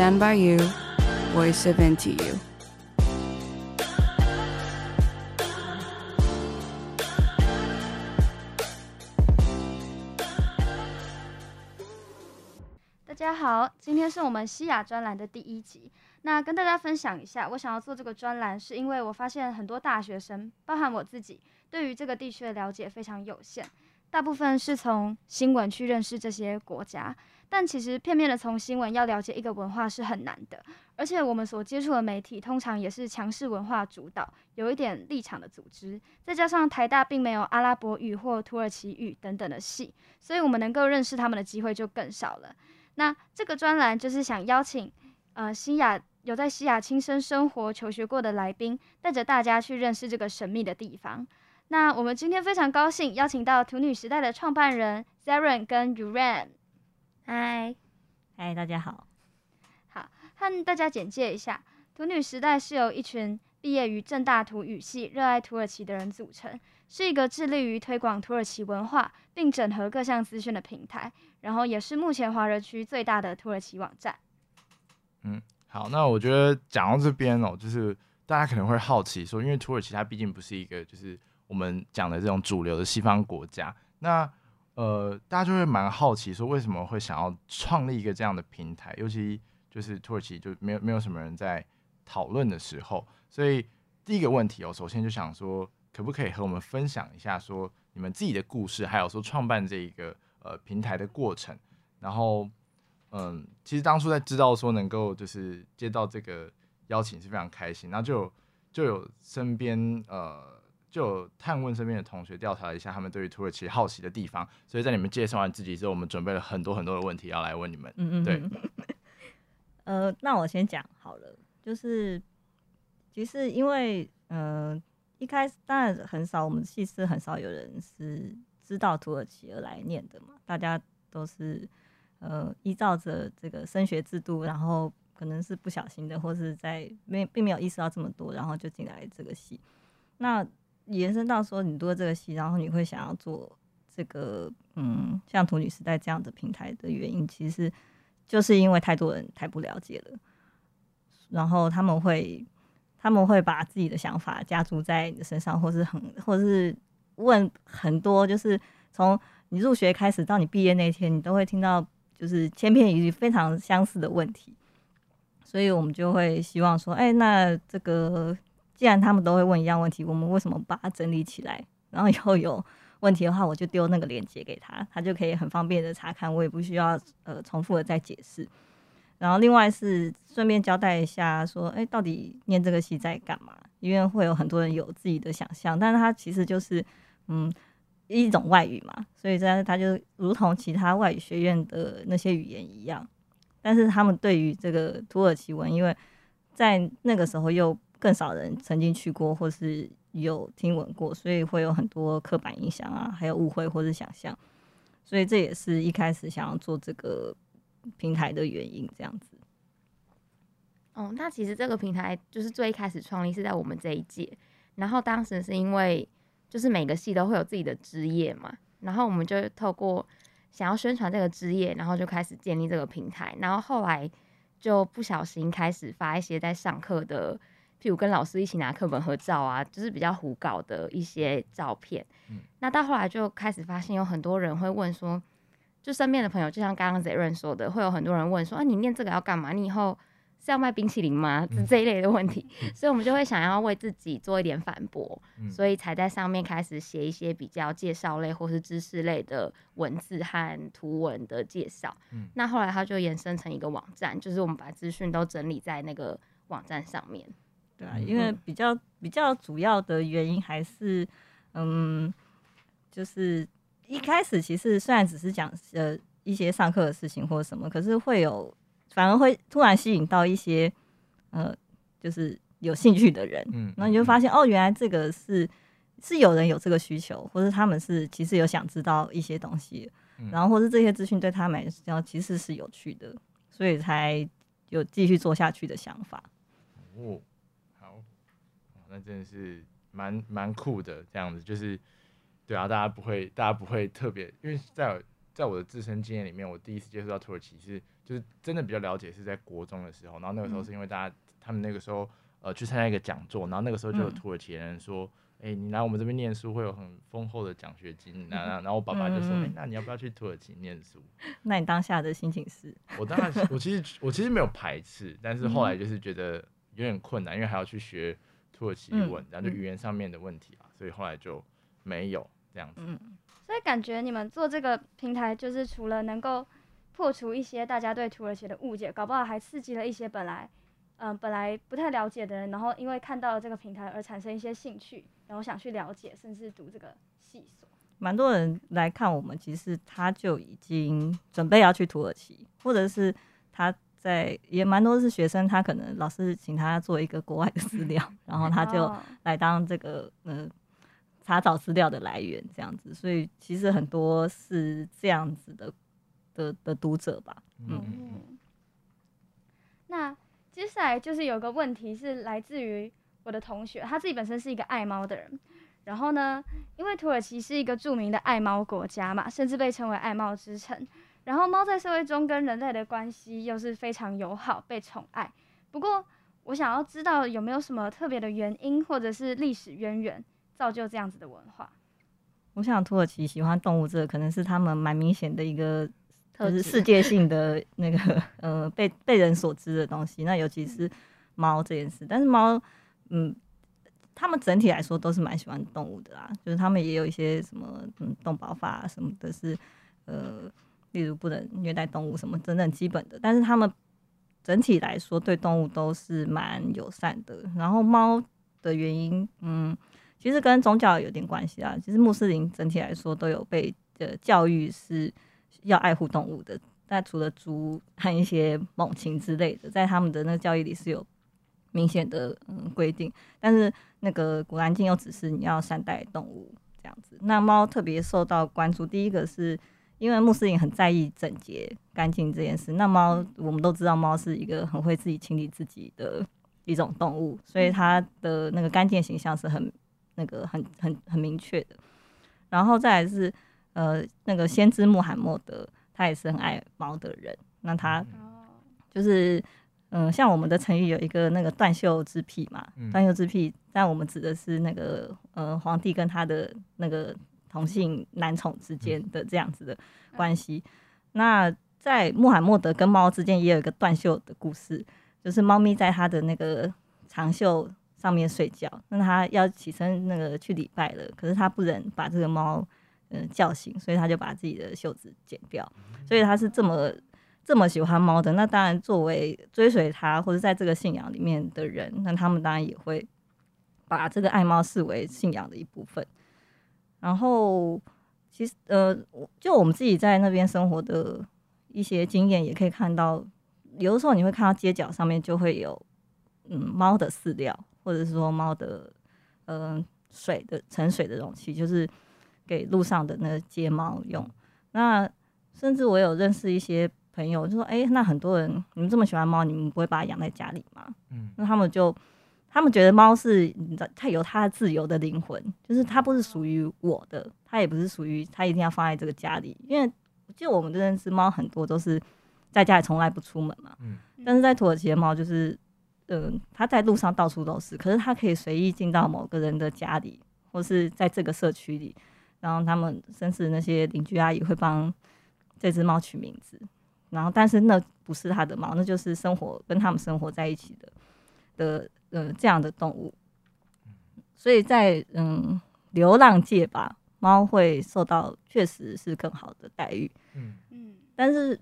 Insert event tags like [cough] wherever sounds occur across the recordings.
Stand by you, voice of NTU。大家好，今天是我們西亞專欄的第一集。那跟大家分享一下，我想要做這個專欄，是因為我發現很多大學生，包含我自己，對於這個地區的了解非常有限，大部分是從新聞去認識這些國家。但其實片面的從新聞要了解一個文化是很難的，而且我們所接觸的媒體通常也是強勢文化主導，有一點立場的組織。再加上台大並沒有阿拉伯語或土耳其語等等的系，所以我們能夠認識他們的機會就更少了。那這個專欄就是想邀請，呃，西亞有在西亞親身生，生活求學過的來賓，帶着大家去認識這個神秘的地方。那我們今天非常高興邀請到土女時代的創辦人 Zeren 跟 Umran。嗨，嗨，大家好，好，和大家簡介一下，土女時代是由一群畢業於政大土語系、熱愛土耳其的人組成，是一個致力於推廣土耳其文化並整合各項資訊的平台，然後也是目前華人區最大的土耳其網站。嗯，好，那我覺得講到這邊哦，就是大家可能會好奇說，因為土耳其它畢竟不是一個就是我們講的這種主流的西方國家，那。呃，大家就會蠻好奇說，為什麼會想要創立一個這樣的平台，尤其就是土耳其就沒有沒有什麼人在討論的時候。所以第一個問題哦，首先就想說可不可以和我們分享一下說你們自己的故事，還有說創辦這一個呃平台的過程，然後嗯、呃，其實當初在知道說能夠就是接到這個邀請是非常開心，那就有就有身邊呃。就探問身邊的同學，調查了一下他們對於土耳其好奇的地方。所以在你們介紹完自己之後，我們準備了很多很多的問題要來問你們。嗯嗯，對。嗯、哼 [laughs] 呃，那我先講好了，就是其實因為，嗯、呃，一開始當然很少，我們系是很少有人是知道土耳其而來念的嘛。大家都是呃依照着這個升學制度，然後可能是不小心的，或是在沒並沒有意識到這麼多，然後就進來這個系。那延伸到說你讀這個系，然後你會想要做這個，嗯，像土女時代這樣的平台的原因，其實就是因為太多人太不了解了，然後他們會他們會把自己的想法加注在你的身上，或是很或是問很多，就是從你入學開始到你畢業那天，你都會聽到就是千篇一律非常相似的問題，所以我們就會希望說，哎、欸，那這個。既然他們都會問一樣問題，我們為什麼把它整理起來？然後以後有問題的話，我就丟那個鏈接給他，他就可以很方便的查看，我也不需要呃重複的再解釋。然後另外是順便交代一下說，說、欸、哎，到底念這個戲在幹嘛？因為會有很多人有自己的想象，但是他其實就是嗯一種外語嘛，所以這樣他就如同其他外語學院的那些語言一樣。但是他們對於這個土耳其文，因為在那個時候又更少人曾經去過，或是有聽聞過，所以會有很多刻板印象啊，還有誤會或是想象，所以這也是一開始想要做這個平台的原因。這樣子，哦，那其實這個平台就是最一開始創立是在我們這一屆，然後當時是因為就是每個系都會有自己的職業嘛，然後我們就透過想要宣傳這個職業，然後就開始建立這個平台，然後後來就不小心開始發一些在上課的。譬如跟老師一起拿課本合照啊，就是比較胡搞的一些照片。嗯、那到後來就開始發現有很多人會問說，就身邊的朋友，就像剛剛杰 e 說的，會有很多人問說啊，你念這個要幹嘛？你以後是要賣冰淇淋嗎？嗯、這一類的問題。嗯、所以，我們就會想要為自己做一點反駁，嗯、所以才在上面開始寫一些比較介紹類或是知識類的文字和圖文的介紹。嗯、那後來它就延伸成一個網站，就是我們把資訊都整理在那個網站上面。對啊，因為比較比較主要的原因還是，嗯，就是一開始其實雖然只是講呃一些上課的事情或什麼，可是會有反而會突然吸引到一些呃就是有興趣的人，嗯，然後你就發現嗯嗯嗯哦，原來這個是是有人有這個需求，或者他們是其實有想知道一些東西，然後或是這些資訊對他們來講其實是有趣的，所以才有繼續做下去的想法，哦那真的是蠻蠻酷的，這樣子就是，對啊，大家不會，大家不會特別，因為在在我的自身經驗裡面，我第一次接觸到土耳其是，就是真的比較了解是在國中的時候，然後那個時候是因為大家、嗯、他們那個時候呃去參加一個講座，然後那個時候就有土耳其人說，哎、嗯欸，你來我們這邊念書會有很豐厚的獎學金、啊，然後、嗯、然後我爸爸就說，哎、嗯欸，那你要不要去土耳其念書？那你當下的心情是？ [laughs] 我當然，我其實我其實沒有排斥，但是後來就是覺得有點困難，因為還要去學。土耳其文，嗯、然後就語言上面的問題啊，嗯、所以後來就沒有這樣子。嗯，所以感覺你們做這個平台，就是除了能夠破除一些大家對土耳其的誤解，搞不好還刺激了一些本來嗯、呃、本來不太了解的人，然後因為看到了這個平台而產生一些興趣，然後想去了解，甚至讀這個細。蠻多人來看我們，其實他就已經準備要去土耳其，或者是他。在也蠻多是學生，他可能老師請他做一個國外的資料，然後他就來當這個嗯、呃、查找資料的來源這樣子，所以其實很多是這樣子的的的讀者吧。嗯，那接下來就是有個問題是來自於我的同學，他自己本身是一個愛貓的人，然後呢，因為土耳其是一個著名的愛貓國家嘛，甚至被稱為愛貓之城。然後貓在社會中跟人類的關係又是非常友好，被寵愛。不過我想要知道有沒有什麼特別的原因，或者是歷史淵源，造就這樣子的文化。我想土耳其喜歡動物、這個，這可能是他們蠻明顯的一個，就是世界性的那個呃被被人所知的東西。那尤其是貓這件事，但是貓，嗯，他們整體來說都是蠻喜歡動物的啊，就是他們也有一些什麼嗯動保法什麼的是，是呃。例如不能虐待動物什麼等等基本的，但是他們整體來說對動物都是蠻友善的。然後貓的原因，嗯，其實跟宗教有點關係啊。其實穆斯林整體來說都有被呃教育是要愛護動物的。但除了豬和一些猛禽之類的，在他們的那個教育裡是有明顯的嗯規定。但是那個古蘭經有指示你要善待動物這樣子。那貓特別受到關注，第一個是。因為穆斯林很在意整潔、乾淨這件事。那貓，我們都知道貓是一個很會自己清理自己的一種動物，所以它的那個乾淨形象是很那個很很很明確的。然後再來是，呃，那個先知穆罕默德，他也是很愛貓的人。那他就是，嗯、呃，像我們的成語有一個那個斷袖之癖嘛，嗯、斷袖之癖，但我們指的是那個呃皇帝跟他的那個。同性男寵之間的這樣子的關係，那在穆罕默德跟貓之間也有一個斷袖的故事，就是貓咪在他的那個長袖上面睡覺，那他要起身那個去禮拜了，可是他不忍把這個貓嗯、呃、叫醒，所以他就把自己的袖子剪掉，所以他是這麼這麼喜歡貓的。那當然，作為追隨他或者在這個信仰裡面的人，那他們當然也會把這個愛貓視為信仰的一部分。然後，其實呃，就我們自己在那邊生活的一些經驗，也可以看到，有的時候你會看到街角上面就會有，嗯，貓的飼料，或者是說貓的，嗯、呃，水的盛水的容器，就是給路上的那個街貓用。那甚至我有認識一些朋友，就說：“哎、欸，那很多人你們這麼喜歡貓，你們不會把它養在家裡嗎？”嗯，那他們就。他們覺得貓是，它有它自由的靈魂，就是它不是屬於我的，它也不是屬於，它一定要放在這個家裡。因為，就我們這邊只貓很多都是在家裡從來不出門嘛。嗯。但是在土耳其的貓就是，嗯、呃，它在路上到處都是，可是它可以隨意進到某個人的家裡，或是在這個社區裡。然後他們甚至那些鄰居阿姨會幫這只貓取名字，然後但是那不是他的貓，那就是生活跟他們生活在一起的的。嗯、呃，這樣的動物，所以在嗯流浪界吧，貓會受到確實是更好的待遇。嗯，但是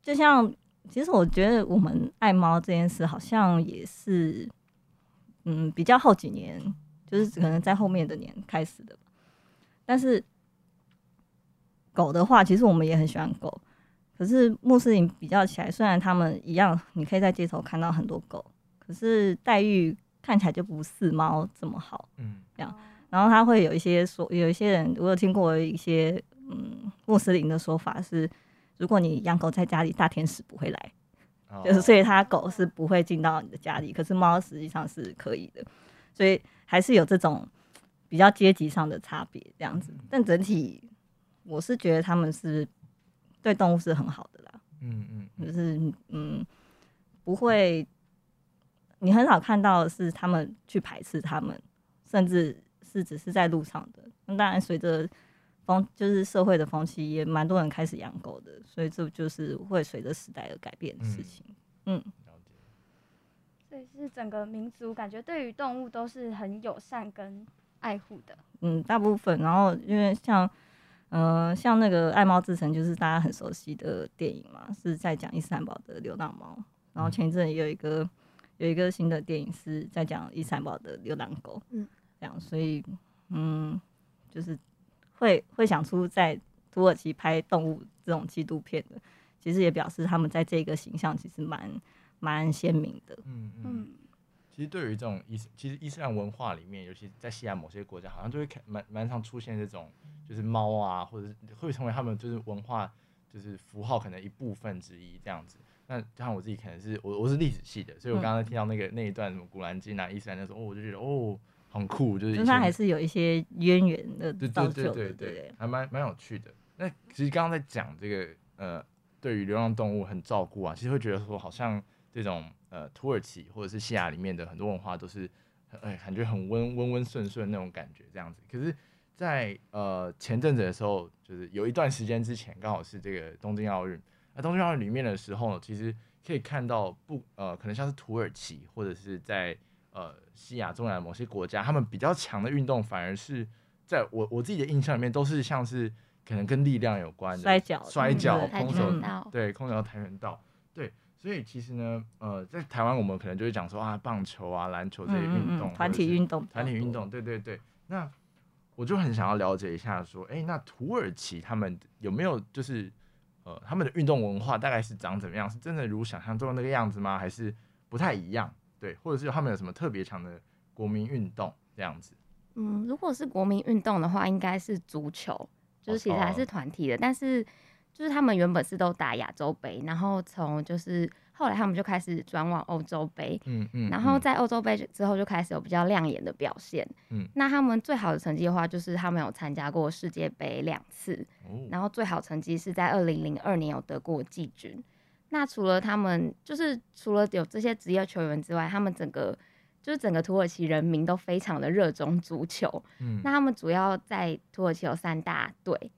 就像其實我覺得我們愛貓這件事，好像也是嗯比較後幾年，就是可能在後面的年開始的。但是狗的話，其實我們也很喜歡狗，可是穆斯林比較起來，雖然他們一樣，你可以在街頭看到很多狗。可是待遇看起來就不似貓這麼好，嗯，這樣。然後他會有一些說，有一些人我有聽過一些，嗯，穆斯林的說法是，如果你養狗在家裡，大天使不會來，哦、就是所以他狗是不會進到你的家裡。可是貓實際上是可以的，所以還是有這種比較階級上的差別這樣子。嗯、但整體我是覺得他們是對動物是很好的啦，嗯，嗯嗯，就是嗯不會。你很少看到是他們去排斥他們，甚至是只是在路上的。那當然，隨着風，就是社會的風氣，也蠻多人開始養狗的，所以這就是會隨着時代而改變的事情。嗯，嗯了解。所以是整個民族感覺對於動物都是很友善跟愛護的。嗯，大部分。然後因為像，嗯、呃，像那個《愛貓之城》就是大家很熟悉的電影嘛，是在講伊斯坦堡的流浪貓。然後前一陣也有一個。有一個新的電影是在講伊斯坦堡的流浪狗，嗯，這樣，所以，嗯，就是會會想出在土耳其拍動物這種紀錄片的，其實也表示他們在這個形象其實蠻蠻鮮明的，嗯嗯。其實對於這種伊斯，其實伊斯蘭文化裡面，尤其在西亞某些國家，好像就會蠻蠻常出現這種，就是貓啊，或者是會成為他們就是文化就是符號可能一部分之一這樣子。那就像我自己可能是我我是歷史系的，所以我剛剛聽到那個那一段什麼《古蘭經》啊，伊斯蘭的時候，哦，我就覺得哦很酷，就是它還是有一些淵源的，的，對對對對對，還蠻蠻有趣的。那其實剛剛在講這個呃，對於流浪動物很照顧啊，其實會覺得說好像這種呃土耳其或者是西亞裡面的很多文化都是很，哎，感覺很溫溫溫順順那種感覺這樣子。可是在，在呃前陣子的時候，就是有一段時間之前，剛好是這個東京奧運。那、啊、東京奧運裡面的時候呢，其實可以看到不呃，可能像是土耳其或者是在呃西亞中南的某些國家，他們比較強的運動，反而是在我我自己的印象裡面，都是像是可能跟力量有關的摔跤、空手道，空手道、跆拳道對。所以其實呢，呃，在台灣我們可能就會講說啊，棒球啊、籃球這些運動團體運動、團體運動、嗯嗯、團體運動，對對對。那我就很想要了解一下說，說、欸、哎，那土耳其他們有沒有就是？他們的運動文化大概是長怎麼樣？是真的如想象中的那個樣子嗎？還是不太一樣？對，或者是他們有什麼特別強的國民運動這樣子？嗯，如果是國民運動的話，應該是足球，就是其實還是團體的，哦、但是就是他們原本是都打亞洲盃，然後從就是。後來他們就開始轉往歐洲盃，嗯嗯嗯、然後在歐洲盃之後就開始有比較亮眼的表現，嗯、那他們最好的成績的話，就是他們有參加過世界盃兩次，哦、然後最好成績是在二零零二年有得過季軍。那除了他們，就是除了有這些職業球員之外，他們整個就是整個土耳其人民都非常的熱衷足球，嗯、那他們主要在土耳其有三大隊。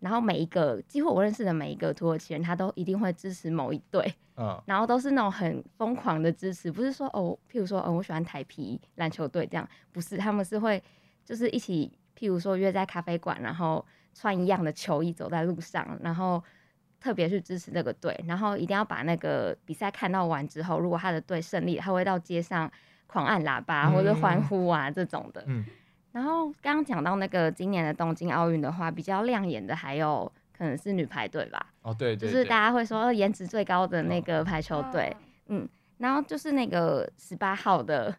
然後每一個幾乎我認識的每一個土耳其人，他都一定會支持某一隊，哦，然後都是那種很瘋狂的支持，不是說哦，譬如說哦，我喜歡台啤籃球隊這樣，不是，他們是會就是一起，譬如說約在咖啡館，然後穿一樣的球衣走在路上，然後特別去支持那個隊，然後一定要把那個比賽看到完之後，如果他的隊勝利，他會到街上狂按喇叭或者歡呼啊，嗯、這種的，嗯然後剛剛講到那個今年的東京奧運的話，比較亮眼的還有可能是女排隊吧。哦，對，對，對，就是大家會說顏值最高的那個排球隊，哦啊、嗯，然後就是那個十八號的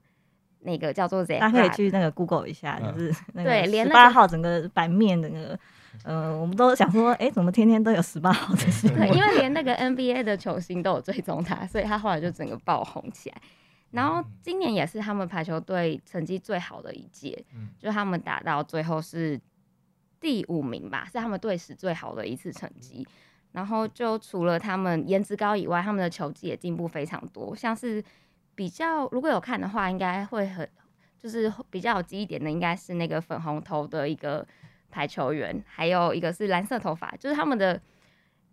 那個叫做誰？大家可以去那個 Google 一下，就是對，連十八號整個版面的那個，嗯、呃，我們都想說，哎、嗯，怎麼天天都有十八號這些？對，因為連那個 NBA 的球星都有追蹤他，所以他後來就整個爆紅起來。然後今年也是他們排球隊成績最好的一屆，嗯、就他們打到最後是第五名吧，是他們隊史最好的一次成績。嗯、然後就除了他們顏值高以外，他們的球技也進步非常多。像是比較如果有看的話，應該會很就是比較有記憶點的，應該是那個粉紅頭的一個排球員，還有一個是藍色頭髮，就是他們的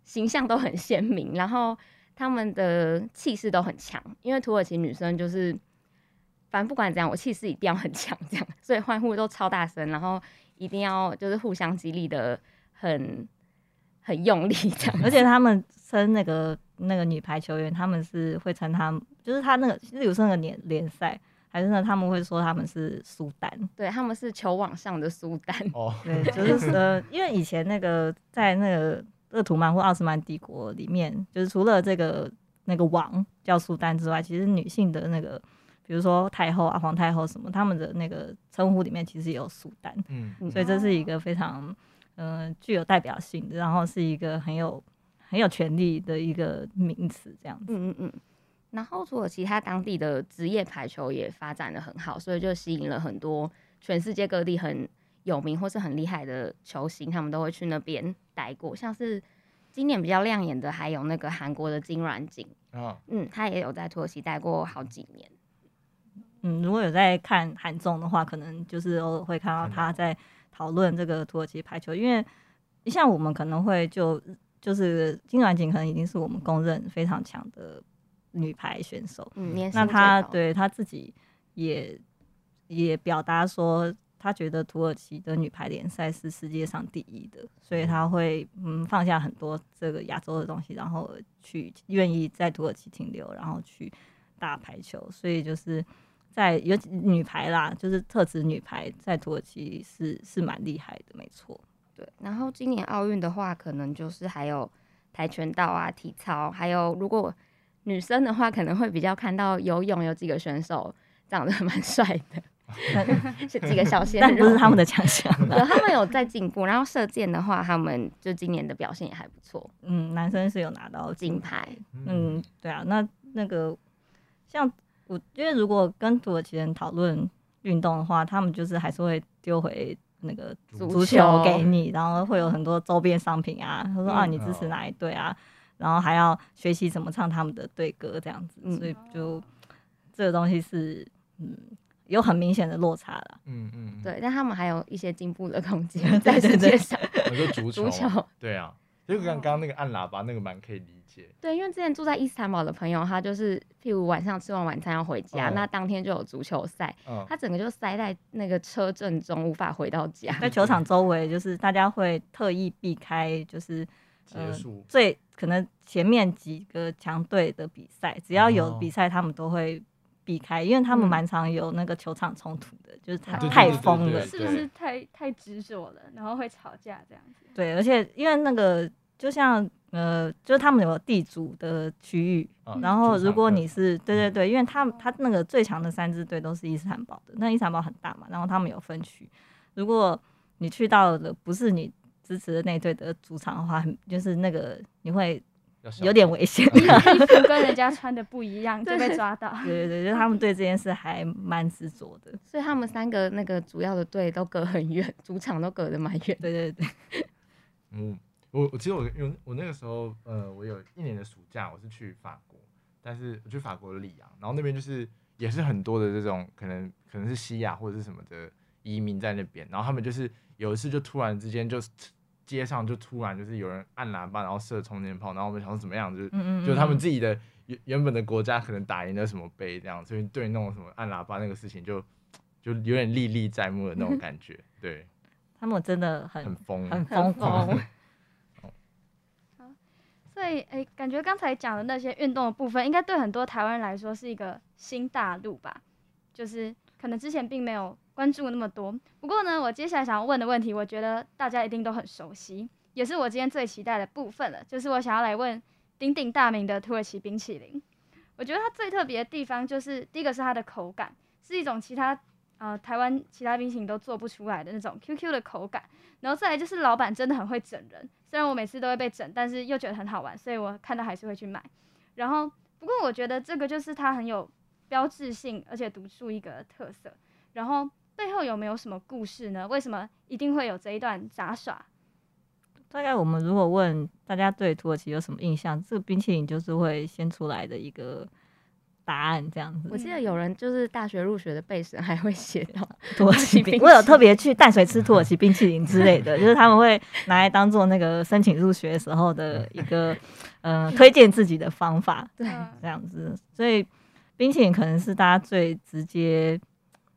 形象都很鮮明。然後。他們的氣勢都很強，因為土耳其女生就是，反正不管怎樣，我氣勢一定要很強，這樣，所以歡呼都超大聲，然後一定要就是互相激勵的很很用力這樣。而且他們稱那個那個女排球員，他們是會稱他們，就是他那個是有時候那個聯聯賽，還是呢他們會說他們是蘇丹，對，他們是球網上的蘇丹，哦， [laughs] 對，就是呃，因為以前那個在那個。鄂圖曼或奧斯曼帝國裡面，就是除了這個那個王叫蘇丹之外，其實女性的那個，比如說太後啊、阿皇太后什麼，他們的那個稱呼裡面其實也有蘇丹嗯，嗯，所以這是一個非常嗯、呃、具有代表性的，然後是一個很有很有權力的一個名詞，這樣子。嗯嗯嗯。然後，除了其其他當地的職業排球也發展得很好，所以就吸引了很多全世界各地很。有名或是很厲害的球星，他們都會去那邊待過。像是今年比較亮眼的，還有那個韓國的金軟景，哦、嗯，他也有在土耳其待過好幾年。嗯，如果有在看韓綜的話，可能就是偶爾會看到他在討論這個土耳其排球，哦、因為像我們可能會就就是金軟景，可能已經是我們公認非常強的女排選手。嗯，那他對他自己也也表達說。他覺得土耳其的女排聯賽是世界上第一的，所以他會嗯放下很多這個亞洲的東西，然後去願意在土耳其停留，然後去打排球。所以就是在有女排啦，就是特指女排，在土耳其是是蠻厲害的，沒錯。對。然後今年奧運的話，可能就是還有跆拳道啊、體操，還有如果女生的話，可能會比較看到游泳有幾個選手長得蠻帥的。是但 [laughs] 幾個小鮮但不是他們的強項、 [laughs] 嗯。有他們有在進步，然後射箭的話，他們就今年的表現也還不錯。嗯，男生是有拿到金牌。嗯，對啊，那那個像我，因為如果跟土耳其人討論運動的話，他們就是還是會丟回那個足球給你，球然後會有很多周邊商品啊。他說，說啊，你支持哪一隊啊？嗯、然後還要學習怎麼唱他們的隊歌這樣子。嗯、所以就這個東西是嗯。有很明顯的落差了，嗯，嗯嗯，對，但他們還有一些進步的空間，在世界上， [laughs] 對對對 [laughs] 足球，足球，對啊，就剛剛那個按喇叭那個蠻可以理解。哦，對，因為之前住在伊斯坦堡的朋友，他就是，譬如晚上吃完晚餐要回家，哦哦，那當天就有足球賽，哦、他整個就塞在那個車陣中，嗯、無法回到家，在球場周圍，就是大家會特意避開，就是結束、呃、最可能前面幾個強隊的比賽，只要有比賽，哦、他們都會。避開，因為他們蠻常有那個球場衝突的，嗯、就是他太太瘋了，是不是太太執着了，然後會吵架這樣子。對，而且因為那個就像呃，就是他們有地主的區域，嗯、然後如果你是，哦、主場，對對對，嗯、因為他們他那個最強的三支隊都是伊斯坦堡的，那伊斯坦堡很大嘛，然後他們有分區，如果你去到了不是你支持的那隊的主場的話，就是那個你會。有點危險，衣服跟人家穿的不一樣就被抓到。 [laughs] 對對對，就是、他們對這件事還蠻執着的。 [laughs] 所以他們三個那個主要的隊都隔很遠，主場都隔得蠻遠。對對對，對。嗯，我我記得我有我那個時候呃，我有一年的暑假我是去法國，但是我去法國的里昂，然後那邊就是也是很多的這種可能可能是西亞或者是什麼的移民在那邊，然後他們就是有一次就突然之間就。街上就突然就是有人按喇叭，然後射衝天炮，然後我們想說怎麼樣，就是、嗯嗯嗯、就他們自己的原原本的國家可能打贏了什麼杯這樣，所以對那種什麼按喇叭那個事情就就有點歷歷在目的那種感覺。 [laughs] 對，他們真的很瘋很瘋狂，啊。好，所以誒、欸，感覺剛才講的那些運動的部分，應該對很多台灣人來說是一個新大陸吧？就是可能之前並沒有。關注那麼多，不過呢，我接下來想要問的問題，我覺得大家一定都很熟悉，也是我今天最期待的部分了，就是我想要來問鼎鼎大名的土耳其冰淇淋。我覺得它最特別的地方就是，第一個是它的口感，是一種其他呃台灣其他冰淇淋都做不出來的那種 QQ 的口感，然後再來就是老闆真的很會整人，雖然我每次都會被整，但是又覺得很好玩，所以我看到還是會去買。然後不過我覺得這個就是它很有標誌性，而且獨樹一格的特色。然後。背後有沒有什麼故事呢？為什麼一定會有這一段雜耍？大概我們如果問大家對土耳其有什麼印象，這個冰淇淋就是會先出來的一個答案這樣子。我記得有人就是大學入學的備審還會寫到土耳其冰淇淋，我有特別去淡水吃土耳其冰淇淋之類的， [laughs] 就是他們會拿來當做那個申請入學時候的一個嗯、呃、推薦自己的方法。對，這樣子，啊、所以冰淇淋可能是大家最直接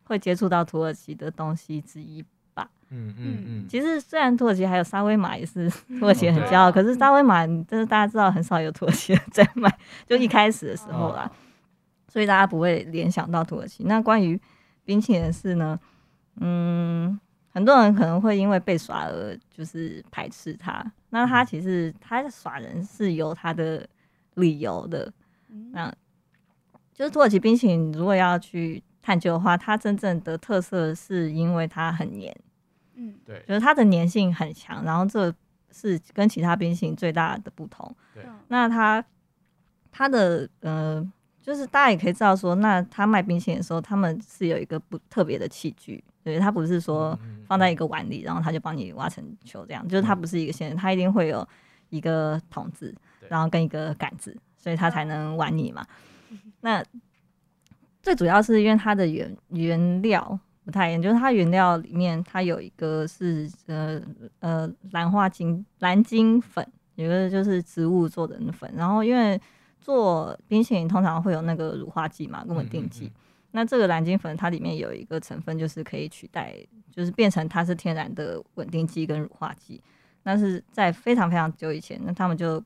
會接觸到土耳其的東西之一吧。嗯嗯，嗯，其實雖然土耳其還有沙威瑪也是土耳其很驕傲，嗯、可是沙威瑪就是大家知道很少有土耳其人在賣，就一開始的時候啦，哦、所以大家不會聯想到土耳其。那關於冰淇淋的事呢，嗯，很多人可能會因為被耍而就是排斥它。那他其實他耍人是有他的理由的。嗯、那就是土耳其冰淇淋，如果要去。探究的話，它真正的特色是因為它很黏，嗯，對，就是它的黏性很強，然後這是跟其他冰淇淋最大的不同。對，那它它的呃，就是大家也可以知道說，那他賣冰淇淋的時候，他們是有一個不特別的器具，對，他不是說放在一個碗裡，嗯嗯嗯，然後他就幫你挖成球這樣，就是它不是一個人，它一定會有一個桶子，然後跟一個桿子，對所以它才能玩你嘛。嗯嗯，那最主要是因為它的原原料不太一樣，就是它原料裡面它有一個是呃呃藍花精，藍金粉，有個就是植物做的粉。然後因為做冰淇淋通常會有那個乳化劑嘛，跟穩定劑。嗯嗯嗯那這個藍金粉它裡面有一個成分就是可以取代，就是變成它是天然的穩定劑跟乳化劑。那是在非常非常久以前，那他們就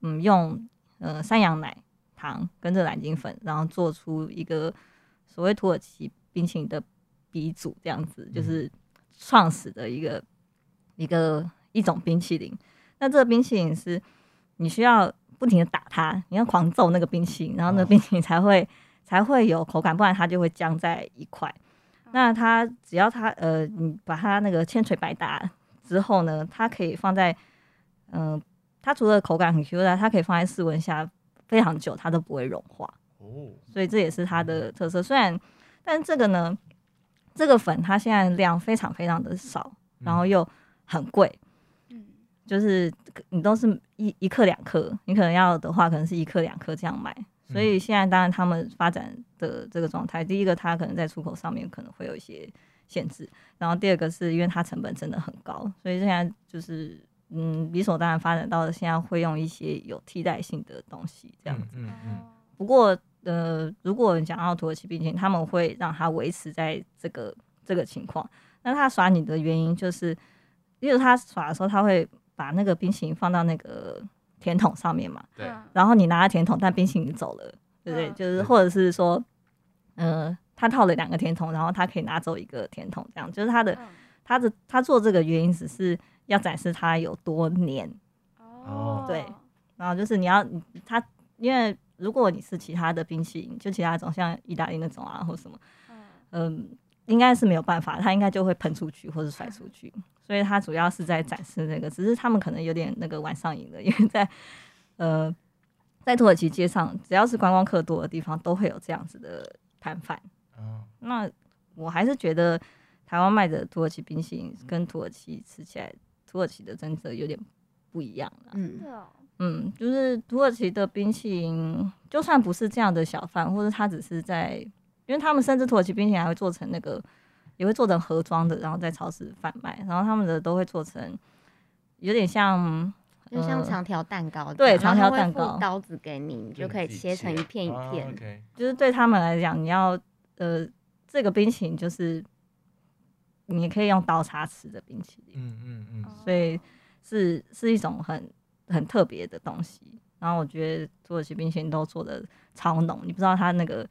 嗯用呃山羊奶。糖跟着藍金粉，然後做出一個所謂土耳其冰淇淋的鼻祖這樣子，就是創始的一個、嗯、一個一種冰淇淋。那這個冰淇淋是，你需要不停的打它，你要狂揍那個冰淇淋，然後那個冰淇淋才會、哦、才會有口感，不然它就會僵在一塊。那它只要它呃，你把它那個千錘百打之後呢，它可以放在嗯、呃，它除了口感很 Q 的，它可以放在室溫下。非常久，它都不會融化哦，所以這也是它的特色。雖然，但是這個呢，這個粉它現在量非常非常的少，然後又很貴，嗯，就是你都是一一克兩克，你可能要的話，可能是一克兩克這樣買。所以現在當然他們發展的這個狀態，第一個它可能在出口上面可能會有一些限制，然後第二個是因為它成本真的很高，所以現在就是。嗯，理所當然發展到現在會用一些有替代性的東西這樣子、嗯。嗯嗯、不過呃，如果你講到土耳其冰淇淋，他們會讓他維持在這個這個情況。那他耍你的原因就是，因為他耍的時候，他會把那個冰淇淋放到那個甜筒上面嘛。對。然後你拿了甜筒，但冰淇淋走了，對不對？嗯、就是或者是說，呃，他套了兩個甜筒，然後他可以拿走一個甜筒，這樣就是他的、嗯、他的他做這個原因只是。要展示它有多黏哦，oh. 對，然後就是你要它，因為如果你是其他的冰淇淋，就其他種像意大利那種啊，或什麼，嗯、呃，應該是沒有辦法，它應該就會噴出去或者甩出去，所以它主要是在展示那個。只是他們可能有點那個玩上癮的，因為在呃，在土耳其街上，只要是觀光客多的地方，都會有這樣子的攤販。嗯，oh. 那我還是覺得台灣賣的土耳其冰淇淋跟土耳其吃起來。土耳其的政策有點不一樣了，嗯，嗯，就是土耳其的冰淇淋，就算不是這樣的小販，或者他只是在，因為他們甚至土耳其冰淇淋還會做成那個，也會做成盒裝的，然後在超市販賣，然後他們的都會做成，有點像，呃，就像長條蛋、蛋糕，對，長條蛋糕，刀子給你，你就可以切成一片一片， [laughs] oh, okay. 就是對他們來講，你要，呃，這個冰淇淋就是。你可以用刀叉吃的冰淇淋，嗯嗯嗯，嗯嗯，所以是是一種很很特別的東西。然後我覺得土耳其冰淇淋都做的超濃，你不知道它那個，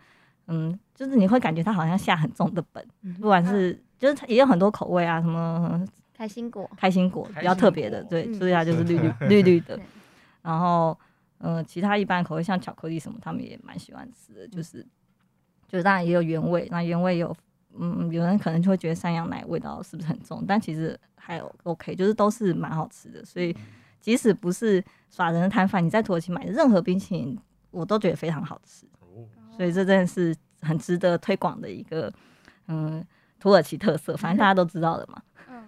嗯，就是你會感覺它好像下很重的本，不管是呵，就是它也有很多口味啊，什麼開心果，開心果比較特別的，對，對，所以它就是綠綠、嗯、綠綠的。的然後嗯、呃，其他一般口味像巧克力什麼，他們也蠻喜歡吃，的，嗯、就是就是當然也有原味，那原味也有。嗯，有人可能就會覺得山羊奶的味道是不是很重？但其實還 OK，就是都是蠻好吃的。所以即使不是耍人的攤販，你在土耳其買的任何冰淇淋，我都覺得非常好吃。所以這真的是很值得推廣的一個嗯土耳其特色，反正大家都知道的嘛。嗯，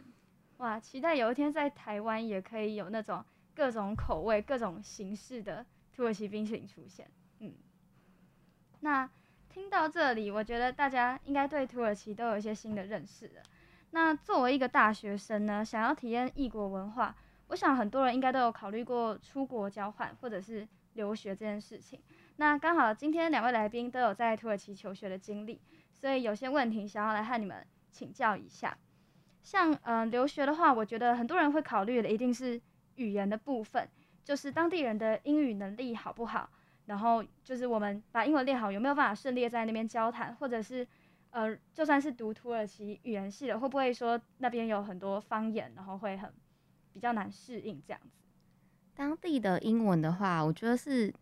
哇，期待有一天在台灣也可以有那種各種口味、各種形式的土耳其冰淇淋出現。嗯，那。聽到這裡，我覺得大家應該對土耳其都有一些新的認識了。那作為一個大學生呢，想要體驗異國文化，我想很多人應該都有考慮過出國交換或者是留學這件事情。那剛好今天兩位來賓都有在土耳其求學的經歷，所以有些問題想要來和你們請教一下。像嗯，呃，留學的話，我覺得很多人會考慮的一定是語言的部分，就是當地人的英語能力好不好？然後就是我們把英文練好，有沒有辦法順利在那邊交談？或者是，呃，就算是讀土耳其語言系的，會不會說那邊有很多方言，然後會很比較難適應這樣子？當地的英文的話，我覺得是，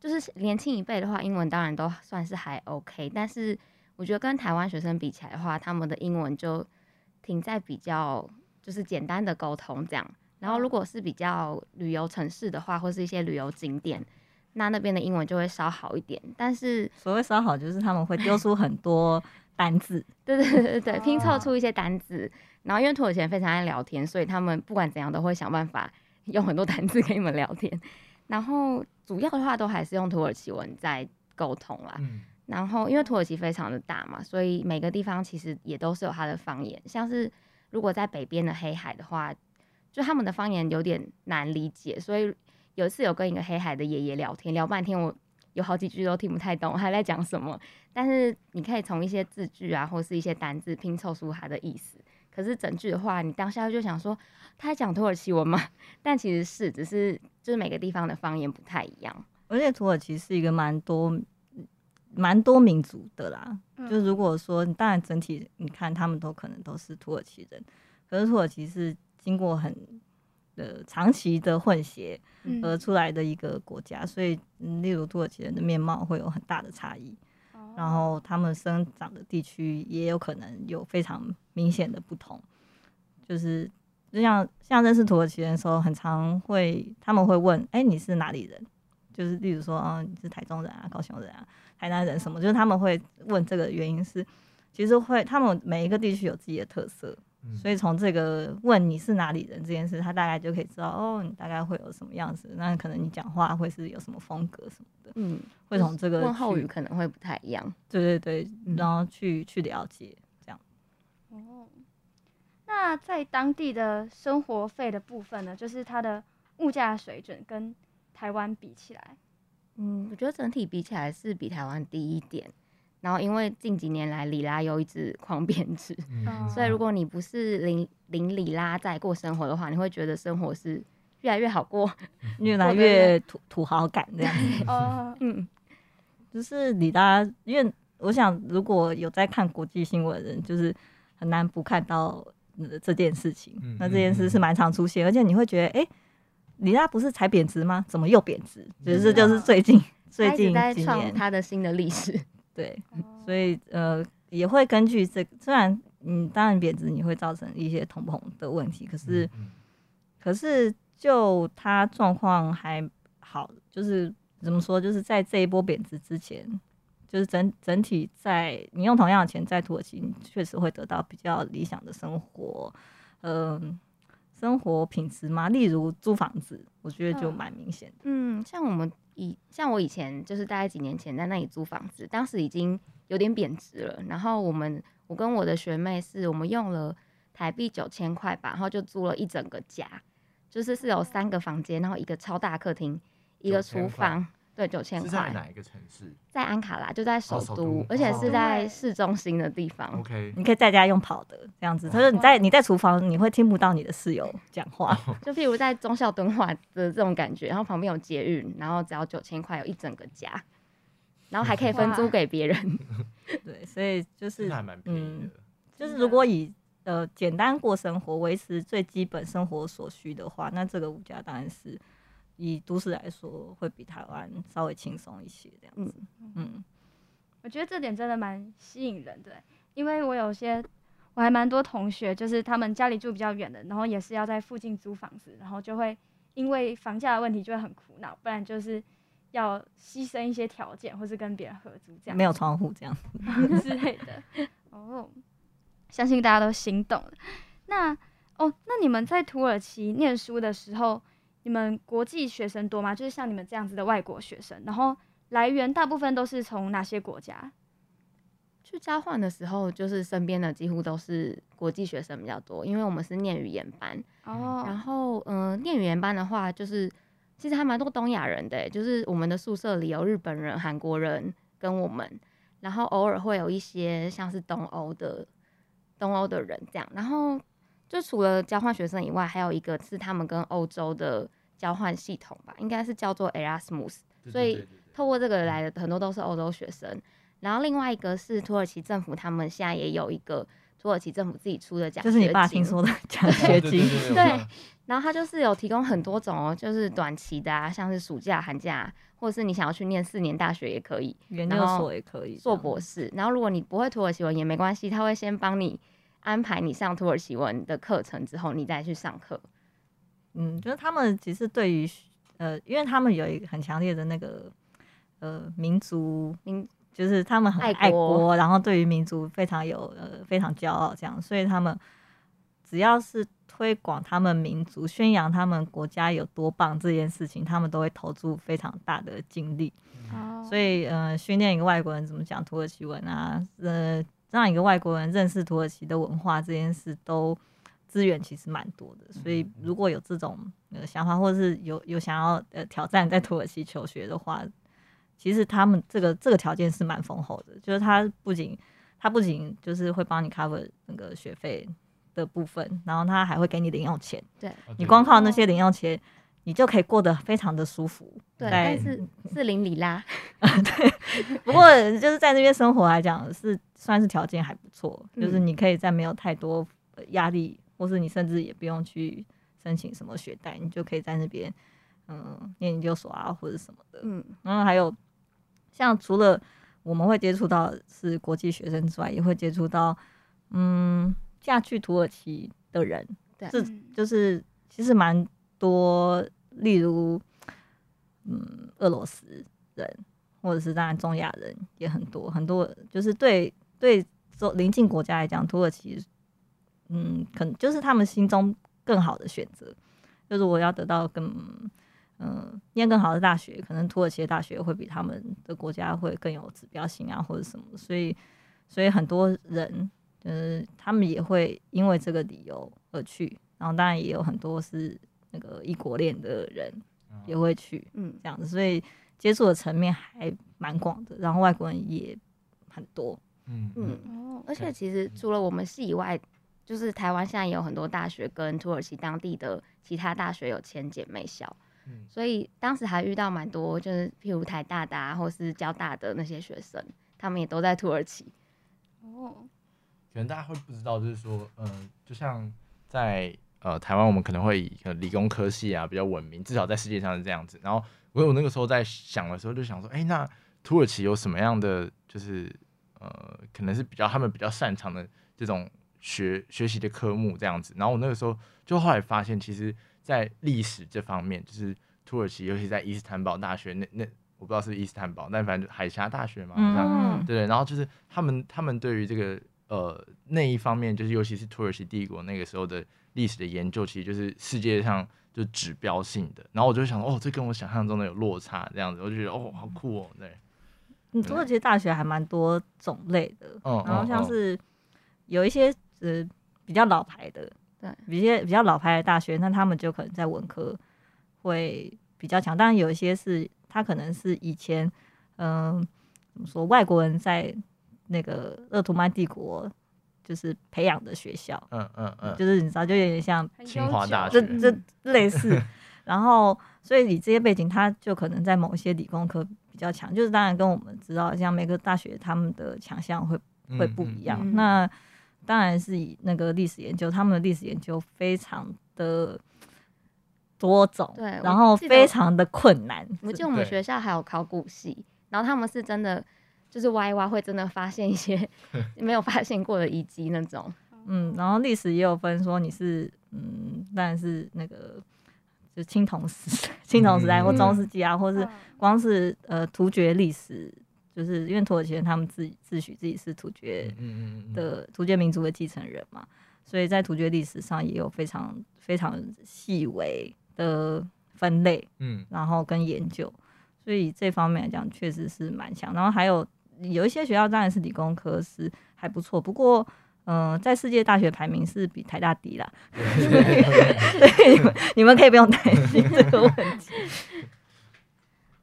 就是年輕一輩的話，英文當然都算是還 OK。但是我覺得跟台灣學生比起來的話，他們的英文就停在比較就是簡單的溝通這樣。然後如果是比較旅遊城市的話，或是一些旅遊景點那那邊的英文就會稍好一點，但是所謂稍好，就是他們會丟出很多單字， [laughs] 對對對對，哦、拼湊出一些單字。然後因為土耳其人非常愛聊天，所以他們不管怎樣都會想辦法用很多單字跟你們聊天。然後主要的話都還是用土耳其文在溝通啦。嗯、然後因為土耳其非常的大嘛，所以每個地方其實也都是有它的方言。像是如果在北邊的黑海的話，就他們的方言有點難理解，所以。有一次有跟一個黑海的爺爺聊天，聊半天，我有好幾句都聽不太懂他在講什麼，但是你可以從一些字句啊，或是一些單字拼湊出他的意思。可是整句的話，你當下就想說他在講土耳其文嗎？但其實是，只是就是每個地方的方言不太一樣，而且土耳其是一個蠻多蠻多民族的啦。嗯、就如果說你當然整體你看他們都可能都是土耳其人，可是土耳其是經過很。呃，長期的混血而出來的一個國家，所以，例如土耳其人的面貌會有很大的差異，然後他們生長的地區也有可能有非常明顯的不同。就是，就像像認識土耳其人的時候，很常會他們會問：“哎，你是哪裡人？”就是例如說，啊，你是台中人啊，高雄人啊，台南人什麼？就是他們會問這個原因是，其實會他們每一個地區有自己的特色。所以從這個問你是哪裡人這件事，他大概就可以知道哦，你大概會有什麼樣子，那可能你講話會是有什麼風格什麼的，嗯，會從這個問候語可能會不太一樣，對對對，然後去、嗯、去了解這樣。哦，那在當地的生活費的部分呢，就是它的物價水準跟台灣比起來，嗯，我覺得整體比起來是比台灣低一點。然後，因為近幾年來里拉又一直狂貶值，嗯、所以如果你不是林鄰里拉在過生活的話，你會覺得生活是越來越好過，越來越土土豪感這樣子。哦、嗯，就是里拉，因為我想，如果有在看國際新聞的人，就是很難不看到這件事情。那這件事是蠻常出現，而且你會覺得，哎、欸，里拉不是才貶值嗎？怎麼又貶值？其、就、實、是、就是最近、嗯、最近幾年，在創它的新的歷史。對，oh. 所以呃也會根據這個，雖然嗯當然貶值，你會造成一些通膨的問題，可是可是就它狀況還好，就是怎麼說，就是在這一波貶值之前，就是整整體在你用同樣的錢在土耳其，你確實會得到比較理想的生活，嗯。生活品質嗎？例如租房子，我覺得就蠻明顯的。嗯，像我們以像我以前就是大概幾年前在那裡租房子，當時已經有點貶值了。然後我們我跟我的學妹是我們用了台幣九千塊吧，然後就租了一整個家，就是是有三個房間，然後一個超大的客廳，一個廚房。對，九千塊。是在哪一個城市？在安卡拉，就在首都，哦、首都而且是在市中心的地方。OK，、哦、你可以在家用跑的這樣子。他說哇：“你在你在廚房，你會聽不到你的室友講話。哇就譬如在忠孝敦化”的這種感覺，然後旁邊有捷運，然後只要九千塊，有一整個家，然後還可以分租給別人。哇 [laughs] 對，所以就是還蠻便宜的、嗯。就是如果以呃簡單過生活、維持最基本生活所需的話，那這個物價當然是。以都市來說，會比台灣稍微輕鬆一些，這樣子。嗯，嗯我覺得這點真的蠻吸引人，對、欸，因為我有些，我還蠻多同學，就是他們家裡住比較遠的，然後也是要在附近租房子，然後就會因為房價的問題就會很苦惱，不然就是要犧牲一些條件，或是跟別人合租這樣，沒有窗戶這樣子 [laughs] 之類的。哦，相信大家都心動了。那哦，那你們在土耳其念書的時候？你們國際學生多嗎？就是像你們這樣子的外國學生，然後來源大部分都是從哪些國家？去交換的時候，就是身邊的幾乎都是國際學生比較多，因為我們是念語言班。哦。然後，嗯、呃，念語言班的話，就是其實還蠻多東亞人的，就是我們的宿舍裡有日本人、韓國人跟我們，然後偶爾會有一些像是東歐的東歐的人這樣，然後。就除了交換學生以外，還有一個是他們跟歐洲的交換系統吧，應該是叫做 Erasmus，所以透過這個來的很多都是歐洲學生。然後另外一個是土耳其政府，他們現在也有一個土耳其政府自己出的獎學金，就是你爸聽說的獎學金。對，對，對，對，然後他就是有提供很多種哦，就是短期的啊，像是暑假、寒假，或者是你想要去念四年大學也可以，研究所也可以做博士。然後如果你不會土耳其文也沒關係，他會先幫你。安排你上土耳其文的課程之後，你再去上課。嗯，就是他們其實對於呃，因為他們有一個很強烈的那個呃民族，民就是他們很愛國，愛國。然後對於民族非常有呃非常驕傲，這樣，所以他們只要是推廣他們民族、宣揚他們國家有多棒這件事情，他們都會投注非常大的精力。嗯，所以呃，訓練一個外國人怎麼講土耳其文啊，呃。讓一個外國人認識土耳其的文化這件事，都資源其實蠻多的。所以如果有這種呃想法，或者是有有想要呃挑戰在土耳其求學的話，其實他們這個這個條件是蠻豐厚的。就是他不僅他不僅就是會幫你 cover 那個學費的部分，然後他還會給你零用錢。對，你光靠那些零用錢。你就可以過得非常的舒服，對，但，但是是零里拉，啊 [laughs] 對，不過就是在那邊生活來講是算是條件還不錯，嗯、就是你可以在沒有太多壓力，或是你甚至也不用去申請什麼學貸，你就可以在那邊嗯念研究所啊或者什麼的，嗯，然後還有像除了我們會接觸到是國際學生之外，也會接觸到嗯嫁去土耳其的人，這對、嗯、就是其實蠻。多，例如，嗯，俄羅斯人，或者是當然中，中亞人也很多。很多就是對對，鄰近國家來講，土耳其，嗯，可能就是他們心中更好的選擇。就是我要得到更，嗯，念更好的大學，可能土耳其的大學會比他們的國家會更有指標性啊，或者什麼。所以，所以很多人，嗯，他們也會因為這個理由而去。然後，當然也有很多是。那個異國戀的人也會去，嗯，這樣子，嗯、所以接觸的層面還蠻廣的。然後外國人也很多，嗯，嗯、哦、而且其實除了我們系以外，嗯、就是台灣現在也有很多大學跟土耳其當地的其他大學有簽姐妹校，嗯，所以當時還遇到蠻多，就是譬如台大的或是交大的那些學生，他們也都在土耳其，哦，可能大家會不知道，就是說，呃，就像在。呃，台灣我們可能會以能理工科系啊比較聞名，至少在世界上是這樣子。然後我我那個時候在想的時候，就想說，哎、欸，那土耳其有什麼樣的就是呃，可能是比較他們比較擅長的這種學學習的科目這樣子。然後我那個時候就後來發現，其實，在歷史這方面，就是土耳其，尤其在伊斯坦堡大學，那那我不知道是不是伊斯坦堡，但反正就海峽大學嘛，對、嗯、對。然後就是他們他們對於這個呃那一方面，就是尤其是土耳其帝國那個時候的。歷史的研究其實就是世界上就指標性的，然後我就想，哦、喔，這跟我想象中的有落差這樣子，我就覺得，哦、喔，好酷哦、喔，對，嗯，中國其實大學還蠻多種類的，嗯、然後像是有一些、嗯、呃比較老牌的，對，些比較老牌的大學，那他們就可能在文科會比較強，當然有一些是，他可能是以前，嗯、呃，怎麼說，外國人在那個鄂圖曼帝國。就是培養的學校，嗯嗯嗯，嗯嗯就是，你知道，就有點像清華大學，這這類似。 [laughs] 然後，所以你這些背景，他就可能在某些理工科比較強。就是當然，跟我們知道，像每個大學他們的強項會會不一樣。嗯嗯、那、嗯、當然是以那個歷史研究，他們的歷史研究非常的多種，對，然後非常的困難。我記得我們學校還有考古系，對然後他們是真的。就是挖一挖會真的發現一些沒有發現過的遺跡那種，嗯，然後歷史也有分說你是，嗯，當然是那個就是青銅時青銅時代或中世紀啊，或是光是呃突厥歷史，就是因為土耳其人他們自自詡自己是突厥的突厥民族的繼承人嘛，所以在突厥歷史上也有非常非常細微的分類，嗯，然後跟研究，所以這方面來講確實是蠻強，然後還有。有一些學校當然是理工科是還不錯，不過，嗯、呃，在世界大學排名是比台大低啦，所以你們你們可以不用擔心這個問題。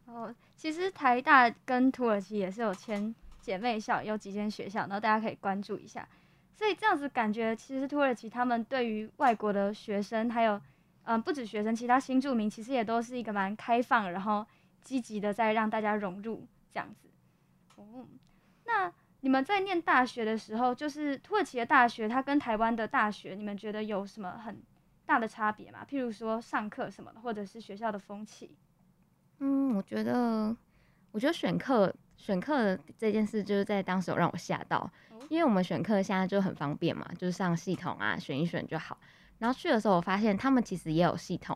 哦，其實台大跟土耳其也是有簽姐妹校，有幾間學校，然後大家可以關注一下。所以這樣子感覺，其實土耳其他們對於外國的學生，還有，嗯、呃，不止學生，其他新住民，其實也都是一個蠻開放，然後積極的在讓大家融入這樣子。嗯，那你們在念大學的時候，就是土耳其的大學，它跟台灣的大學，你們覺得有什麼很大的差別嗎？譬如說上課什麼的，或者是學校的風氣？嗯，我覺得，我覺得選課選課這件事，就是在當時有讓我嚇到，嗯，因為我們選課現在就很方便嘛，就是上系統啊，選一選就好。然後去的時候，我發現他們其實也有系統，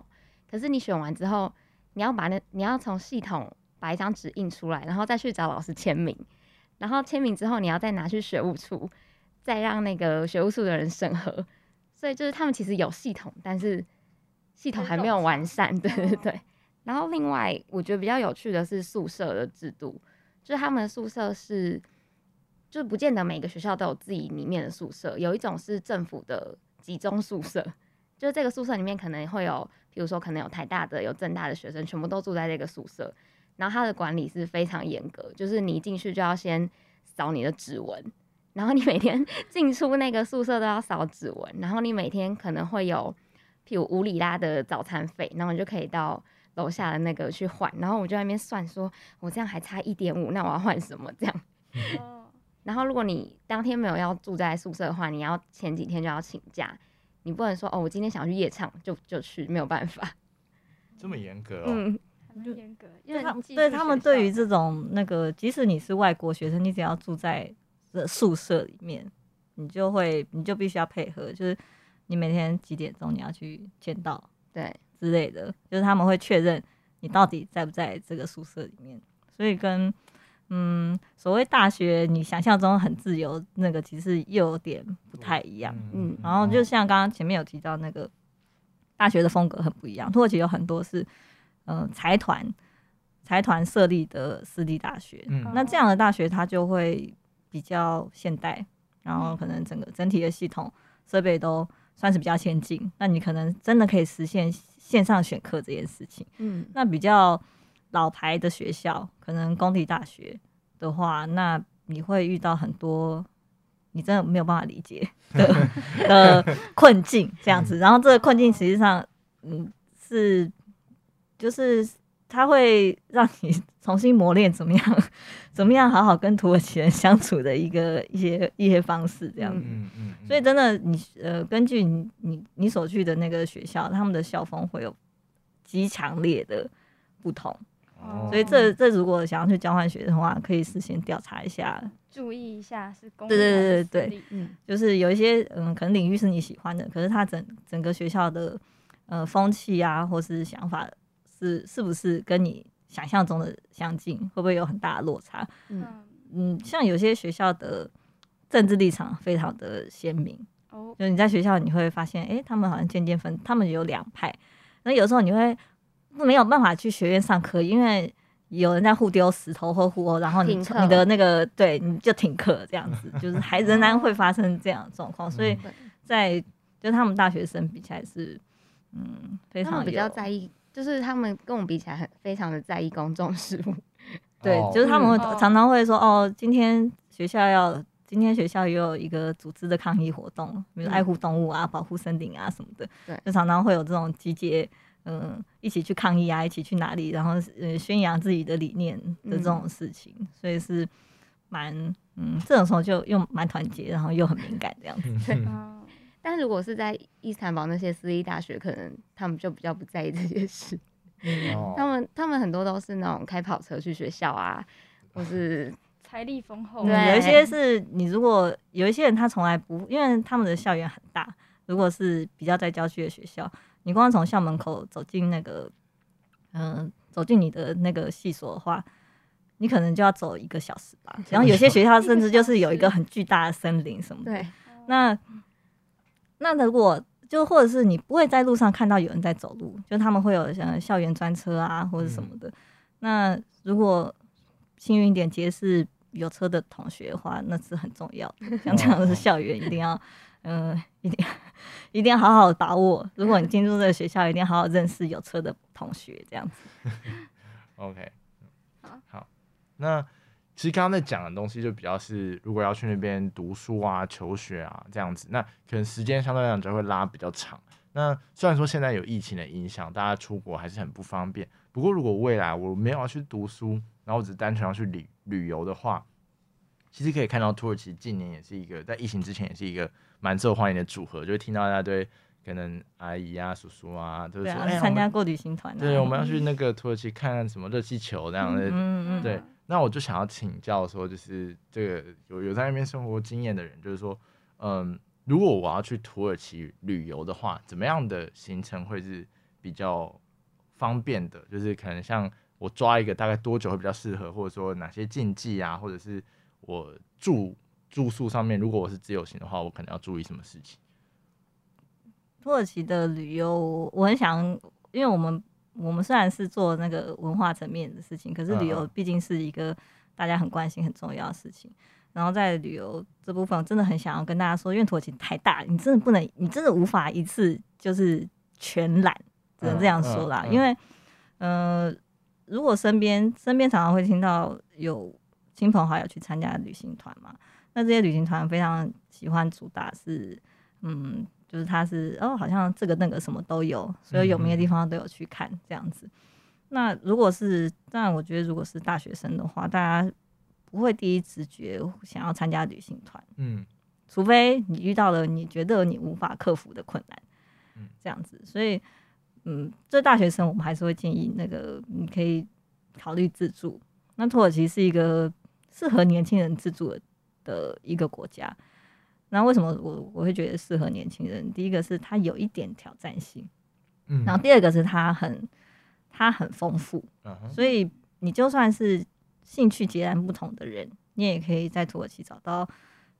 可是你選完之後，你要把那你要從系統。把一張紙印出來，然後再去找老師簽名，然後簽名之後，你要再拿去學務處，再讓那個學務處的人審核。所以就是他們其實有系統，但是系統還沒有完善，對對對。然後另外我覺得比較有趣的是宿舍的制度，就是他們的宿舍是就是不見得每個學校都有自己裡面的宿舍，有一種是政府的集中宿舍，就是這個宿舍裡面可能會有，比如說可能有台大的、有政大的學生，全部都住在這個宿舍。然後他的管理是非常嚴格，就是你一進去就要先掃你的指紋，然後你每天進出那個宿舍都要掃指紋，然後你每天可能會有，譬如五里拉的早餐費，然後你就可以到樓下的那個去換，然後我就在那邊算說，我、哦、這樣還差一點五，那我要換什麼這樣？嗯、然後如果你當天沒有要住在宿舍的話，你要前幾天就要請假，你不能說哦，我今天想去夜場，就就去，沒有辦法。這麼嚴格哦。嗯嚴格，因為他們對他們對於這種那個，即使你是外國學生，你只要住在這宿舍裡面，你就會，你就必須要配合，就是你每天幾點鐘你要去簽到，對之類的，就是他們會確認你到底在不在這個宿舍裡面。所以跟嗯，所謂大學你想象中很自由那個，其實又有點不太一樣。嗯，嗯，然後就像剛剛前面有提到那個大學的風格很不一樣，土耳其有很多是。嗯，財團財團設立的私立大學，嗯，那這樣的大學它就會比較現代，然後可能整個整體的系統設備都算是比較先進。那你可能真的可以實現線上選課這件事情，嗯，那比較老牌的學校，可能公立大學的話，那你會遇到很多你真的沒有辦法理解的， [laughs] 的困境，這樣子。嗯，然後這個困境實際上，嗯，是。就是他會讓你重新磨練怎麼樣，怎麼樣好好跟土耳其人相處的一個一些一些方式這樣嗯。嗯嗯。所以真的，你呃，根據你你你所去的那個學校，他們的校風會有極強烈的不同。哦。所以這這，如果想要去交換學生的話，可以事先調查一下，注意一下是公是。對對對對，嗯，就是有一些嗯，可能領域是你喜歡的，可是他整整個學校的呃風氣啊，或是想法。是是不是跟你想象中的相近？會不會有很大的落差？嗯，嗯，像有些學校的政治立場非常的鮮明哦，就你在學校，你會發現，哎、欸，他們好像漸漸分，他們有兩派。那有時候你會沒有辦法去學院上課，因為有人在互丟石頭或互毆，然後你你，的那個對，你就停課這樣子， [laughs] 就是還仍然會發生這樣的狀況。所以在就他們大學生比起來是嗯非常有比較在意。就是他們跟我比起來，很非常的在意公眾事務，oh、對，就是他們會常常會說，哦，今天學校要，今天學校也有一個組織的抗議活動，比如愛護動物啊，保護森林啊什麼的，對，就常常會有這種集結，嗯、呃，一起去抗議啊，一起去哪裡，然後，嗯、呃，宣揚自己的理念的這種事情，所以是蠻，嗯，這種時候就又蠻團結，然後又很敏感這樣子。 [laughs] 但如果是在伊斯坦堡那些私立大學，可能他們就比較不在意這些事。嗯哦、他們他們很多都是那種開跑車去學校啊，或是財力豐厚。對有一些是你如果有一些人他從來不，因為他們的校園很大。如果是比較在郊區的學校，你光從校門口走進那個嗯、呃、走進你的那個系所的話，你可能就要走一個小時吧。時然後有些學校甚至就是有一個很巨大的森林什麼的，對那。那如果就或者是你不會在路上看到有人在走路，就他們會有像校園專車啊或者什麼的。嗯、那如果幸運點，結識有車的同學的話，那是很重要的。像這樣是校園一定要，嗯、 [laughs] 呃，一定一定要好好把握。如果你進入這個學校，一定要好好認識有車的同學，這樣子。 [laughs] OK，好，好，那。其實剛剛在講的東西就比較是，如果要去那邊讀書啊、求學啊這樣子，那可能時間相對來講就會拉比較長。那雖然說現在有疫情的影響，大家出國還是很不方便。不過如果未來我沒有要去讀書，然後我只單純要去旅旅遊的話，其實可以看到土耳其近年也是一個在疫情之前也是一個蠻受歡迎的組合，就會聽到大家對。可能阿姨啊、叔叔啊，就是說，啊、哎，參加過旅行團、啊。對，嗯、我們要去那個土耳其看什麼熱氣球這樣的。嗯、嗯、嗯。對，那我就想要請教說，就是這個有有在那邊生活經驗的人，就是說，嗯，如果我要去土耳其旅遊的話，怎麼樣的行程會是比較方便的？就是可能像我抓一個大概多久會比較適合，或者說哪些禁忌啊，或者是我住住宿上面，如果我是自由行的話，我可能要注意什麼事情？土耳其的旅遊，我很想，因為我們我們雖然是做那個文化層面的事情，可是旅遊畢竟是一個大家很關心很重要的事情。啊、然後在旅遊這部分，真的很想要跟大家說，因為土耳其太大，你真的不能，你真的無法一次就是全覽，啊、只能這樣說啦。啊啊、因為，嗯、呃，如果身邊身邊常常會聽到有親朋好友去參加旅行團嘛，那這些旅行團非常喜歡主打是，嗯。就是他是哦，好像這個那個什麼都有，所有有名的地方都有去看這樣子。嗯、哼那如果是但我覺得，如果是大學生的話，大家不會第一直覺想要參加旅行團，嗯，除非你遇到了你覺得你無法克服的困難，嗯，這樣子。嗯、所以嗯，這大學生我們還是會建議那個你可以考慮自助。那土耳其是一個適合年輕人自助的一個國家。那為什麼我我會覺得適合年輕人？第一個是他有一點挑戰性，嗯，然後第二個是他很他很豐富，嗯、哼所以你就算是興趣截然不同的人，你也可以在土耳其找到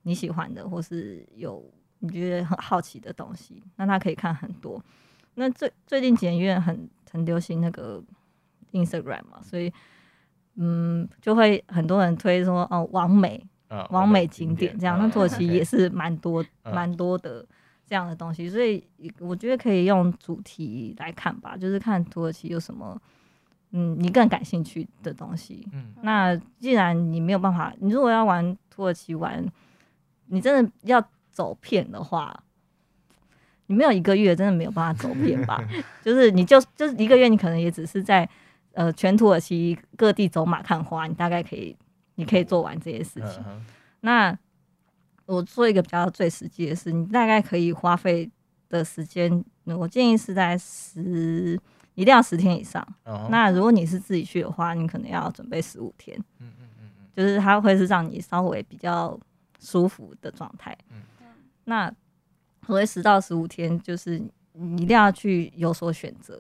你喜歡的，或是有你覺得很好奇的東西。那他可以看很多。那最最近幾年很很流行那個 Instagram 嘛，所以嗯，就會很多人推說哦，網美。網美景點這樣，那土耳其也是蠻多蠻多的這樣的東西，所以我覺得可以用主題來看吧，就是看土耳其有什麼，嗯，你更感興趣的東西。嗯、那既然你沒有辦法，你如果要玩土耳其玩，你真的要走遍的話，你沒有一個月真的沒有辦法走遍吧？ [laughs] 就是你就就是、一個月，你可能也只是在呃全土耳其各地走馬看花，你大概可以，你可以做完這些事情。Uh huh. 那我做一個比較最實際的是，你大概可以花費的時間，我建議是在十，一定要十天以上。Uh huh. 那如果你是自己去的話，你可能要準備十五天。嗯嗯嗯，huh. 就是他會是讓你稍微比較舒服的狀態。嗯嗯、uh。Huh. 那所以十到十五天，就是你一定要去有所選擇，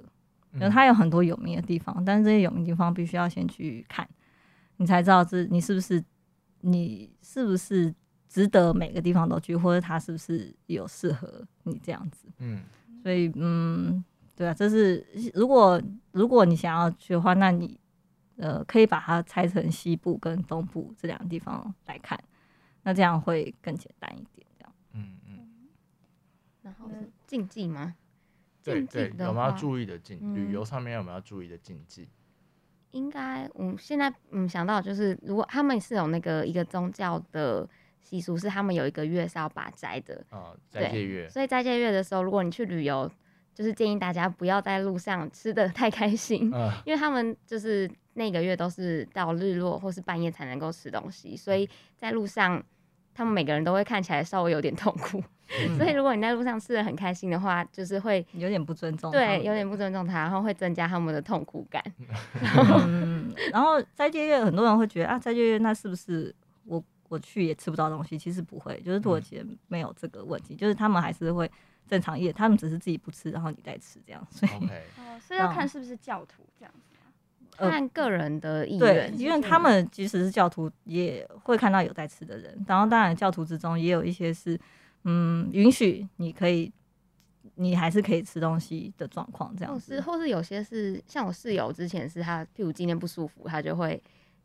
因為、uh huh. 它有很多有名的地方，但是這些有名地方必須要先去看。你才知道這，是你是不是，你是不是值得每個地方都去，或者它是不是有適合你這樣子？嗯，所以嗯，對啊，這是如果如果你想要去的話，那你呃可以把它拆成西部跟東部這兩個地方來看，那這樣會更簡單一點，這樣。嗯嗯。嗯然後是那禁忌嗎？對，對，有沒有要注意的禁、嗯、旅遊上面有沒有要注意的禁忌？應該，嗯，現在嗯想到就是，如果他們是有那個一個宗教的習俗，是他們有一個月是要把齋的啊，齋，哦，齋月，對，所以齋戒月的時候，如果你去旅遊，就是建議大家不要在路上吃得太開心，嗯、因為他們就是那個月都是到日落或是半夜才能夠吃東西，所以在路上。他們每個人都會看起來稍微有點痛苦，嗯、 [laughs] 所以如果你在路上吃的很開心的話，就是會有點不尊重他，對，有點不尊重他，然後會增加他們的痛苦感。嗯、 [laughs] 然後齋戒月很多人會覺得啊，齋戒月那是不是我我去也吃不到東西？其實不會，就是土耳其沒有這個問題，嗯、就是他們還是會正常夜，他們只是自己不吃，然後你再吃這樣，所以哦 Okay.、嗯，所以要看是不是教徒這樣子。看個人的意願、呃，因為他們即使是教徒，也會看到有在吃的人。然後當然，教徒之中也有一些是，嗯，允許你可以，你還是可以吃東西的狀況這樣子。或是有些是像我室友之前是他，譬如，今天不舒服，他就會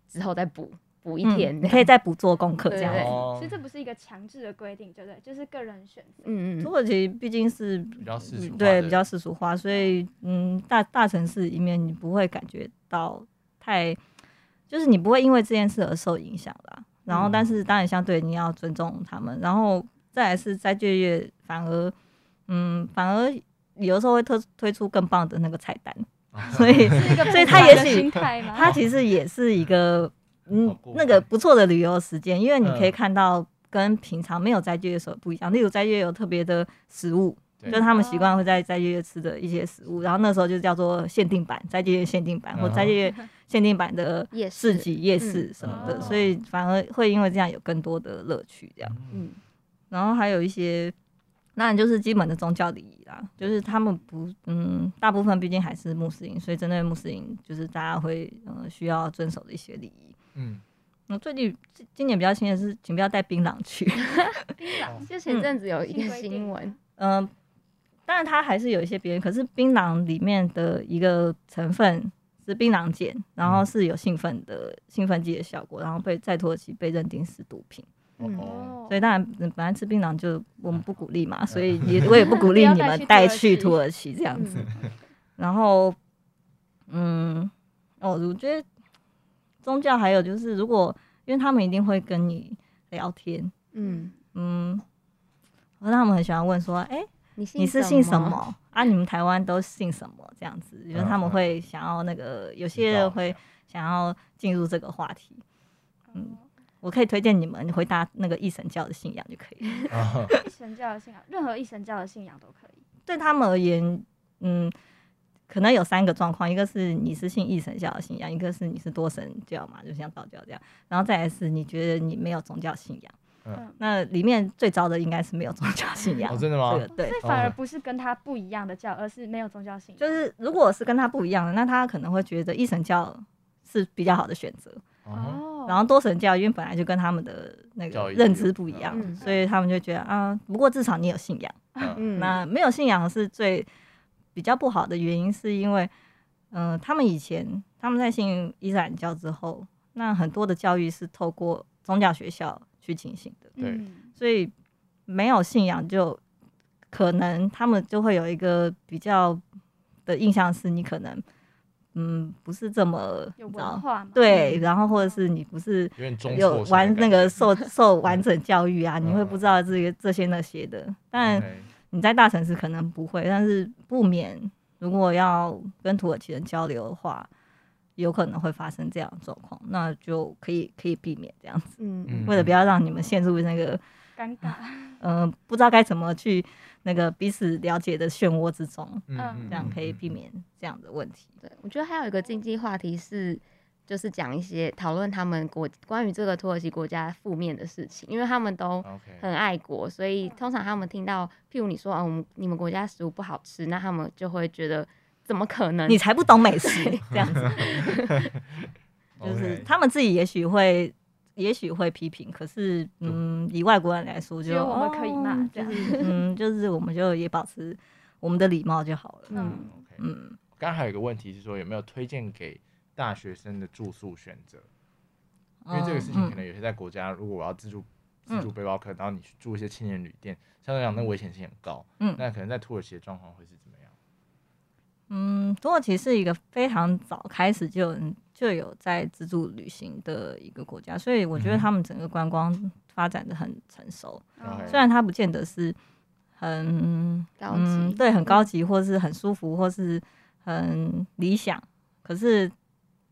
之後再補補一天，嗯、這樣。你可以再補做功課這樣子。其實這不是一個強制的規定，就是就是個人選擇。嗯嗯，土耳其畢竟是比較世俗，對，比較世俗化，所以嗯，大大城市裡面你不會感覺。太，就是你不會因為這件事而受影響了。然後，但是當然相對你要尊重他們，然後再來是齋月月反而，嗯，反而有時候會推推出更棒的那個菜單， [laughs] 所以所以他也許 [laughs] 他其實也是一個，嗯，那個不錯的旅遊時間，因為你可以看到跟平常沒有齋月月的時候不一樣，呃、例如齋月有特別的食物。就是他們習慣會在在齋月吃的一些食物，oh. 然後那時候就叫做限定版，齋月限定版，oh. 或齋月限定版的夜市集夜市什麼的，oh. 所以反而會因為這樣有更多的樂趣這樣。嗯，oh. 然後還有一些，那就是基本的宗教禮儀啦，就是他們不嗯，大部分畢竟還是穆斯林，所以針對穆斯林就是大家會嗯、呃、需要遵守的一些禮儀。嗯，那最近今年比較新的是，請不要帶檳榔去。檳 [laughs] 榔，oh. 就前陣子有一個新聞，嗯。但是它還是有一些別人，可是檳榔裡面的一個成分是檳榔鹼，然後是有興奮的興奮劑的效果，然後被在土耳其被認定是毒品。哦、嗯，所以當然本來吃檳榔就我們不鼓勵嘛，啊、所以也我也不鼓勵你們帶去土耳其這樣子。嗯、然後，嗯，哦，我覺得宗教還有就是，如果因為他們一定會跟你聊天，嗯嗯，那、嗯、他們很喜歡問說，哎、欸。你，你是信什麼啊？你們台灣都信什麼？這樣子，因為他們會想要那個，有些人會想要進入這個話題。嗯，我可以推薦你們回答那個一神教的信仰就可以了。一神教的信仰，任何一神教的信仰都可以。對他們而言，嗯，可能有三個狀況：一個是你是信一神教的信仰，一個是你是多神教嘛，就像道教這樣；然後再來是你覺得你沒有宗教信仰。嗯、那裡面最糟的應該是沒有宗教信仰，哦、真的嗎？這個、對，反而不是跟他不一樣的教，而是沒有宗教信仰。就是如果是跟他不一樣的，那他可能會覺得一神教是比較好的選擇。哦，然後多神教，因為本來就跟他們的那個認知不一樣，嗯、所以他們就覺得啊、嗯，不過至少你有信仰。嗯、那沒有信仰是最比較不好的原因，是因為嗯、呃，他們以前他們在信伊斯蘭教之後，那很多的教育是透過宗教學校，去進行的，對，所以沒有信仰就可能他們就會有一個比較的印象是，你可能嗯不是這麼有文化，對，然後或者是你不是有完那個受受完整教育啊， [laughs] 你會不知道這些、嗯、這些那些的。但你在大城市可能不會，但是不免如果要跟土耳其人交流的話。有可能會發生這樣的狀況，那就可以可以避免這樣子。嗯，為了不要讓你們陷入那個尷尬，嗯、呃，不知道該怎麼去那個彼此了解的漩渦之中，嗯，這樣可以避免這樣的問題。嗯嗯嗯嗯、對，我覺得還有一個禁忌話題是，就是講一些討論他們國關於這個土耳其國家負面的事情，因為他們都很愛國，所以通常他們聽到，譬如你說啊，我、嗯、們你們國家食物不好吃，那他們就會覺得。怎麼可能？你才不懂美食對這樣子， [laughs] [laughs] 就是 Okay. 他們自己也許會，也許會批評。可是，嗯，以外國人來說，就我們可以罵、哦、這樣，就是、嗯，就是我們就也保持我們的禮貌就好了。嗯，嗯。剛、okay. 還有一個問題是說，有沒有推薦給大學生的住宿選擇？嗯、因為這個事情可能有些在國家，如果我要自助自助背包客，然後你去住一些青年旅店，相對來講那危險性很高。嗯，那可能在土耳其的狀況會是。嗯，土耳其是一個非常早開始就有就有在自助旅行的一個國家，所以我覺得他們整個觀光發展的很成熟。Okay. 雖然它不見得是很、嗯、高級，對，很高級或是很舒服或是很理想，可是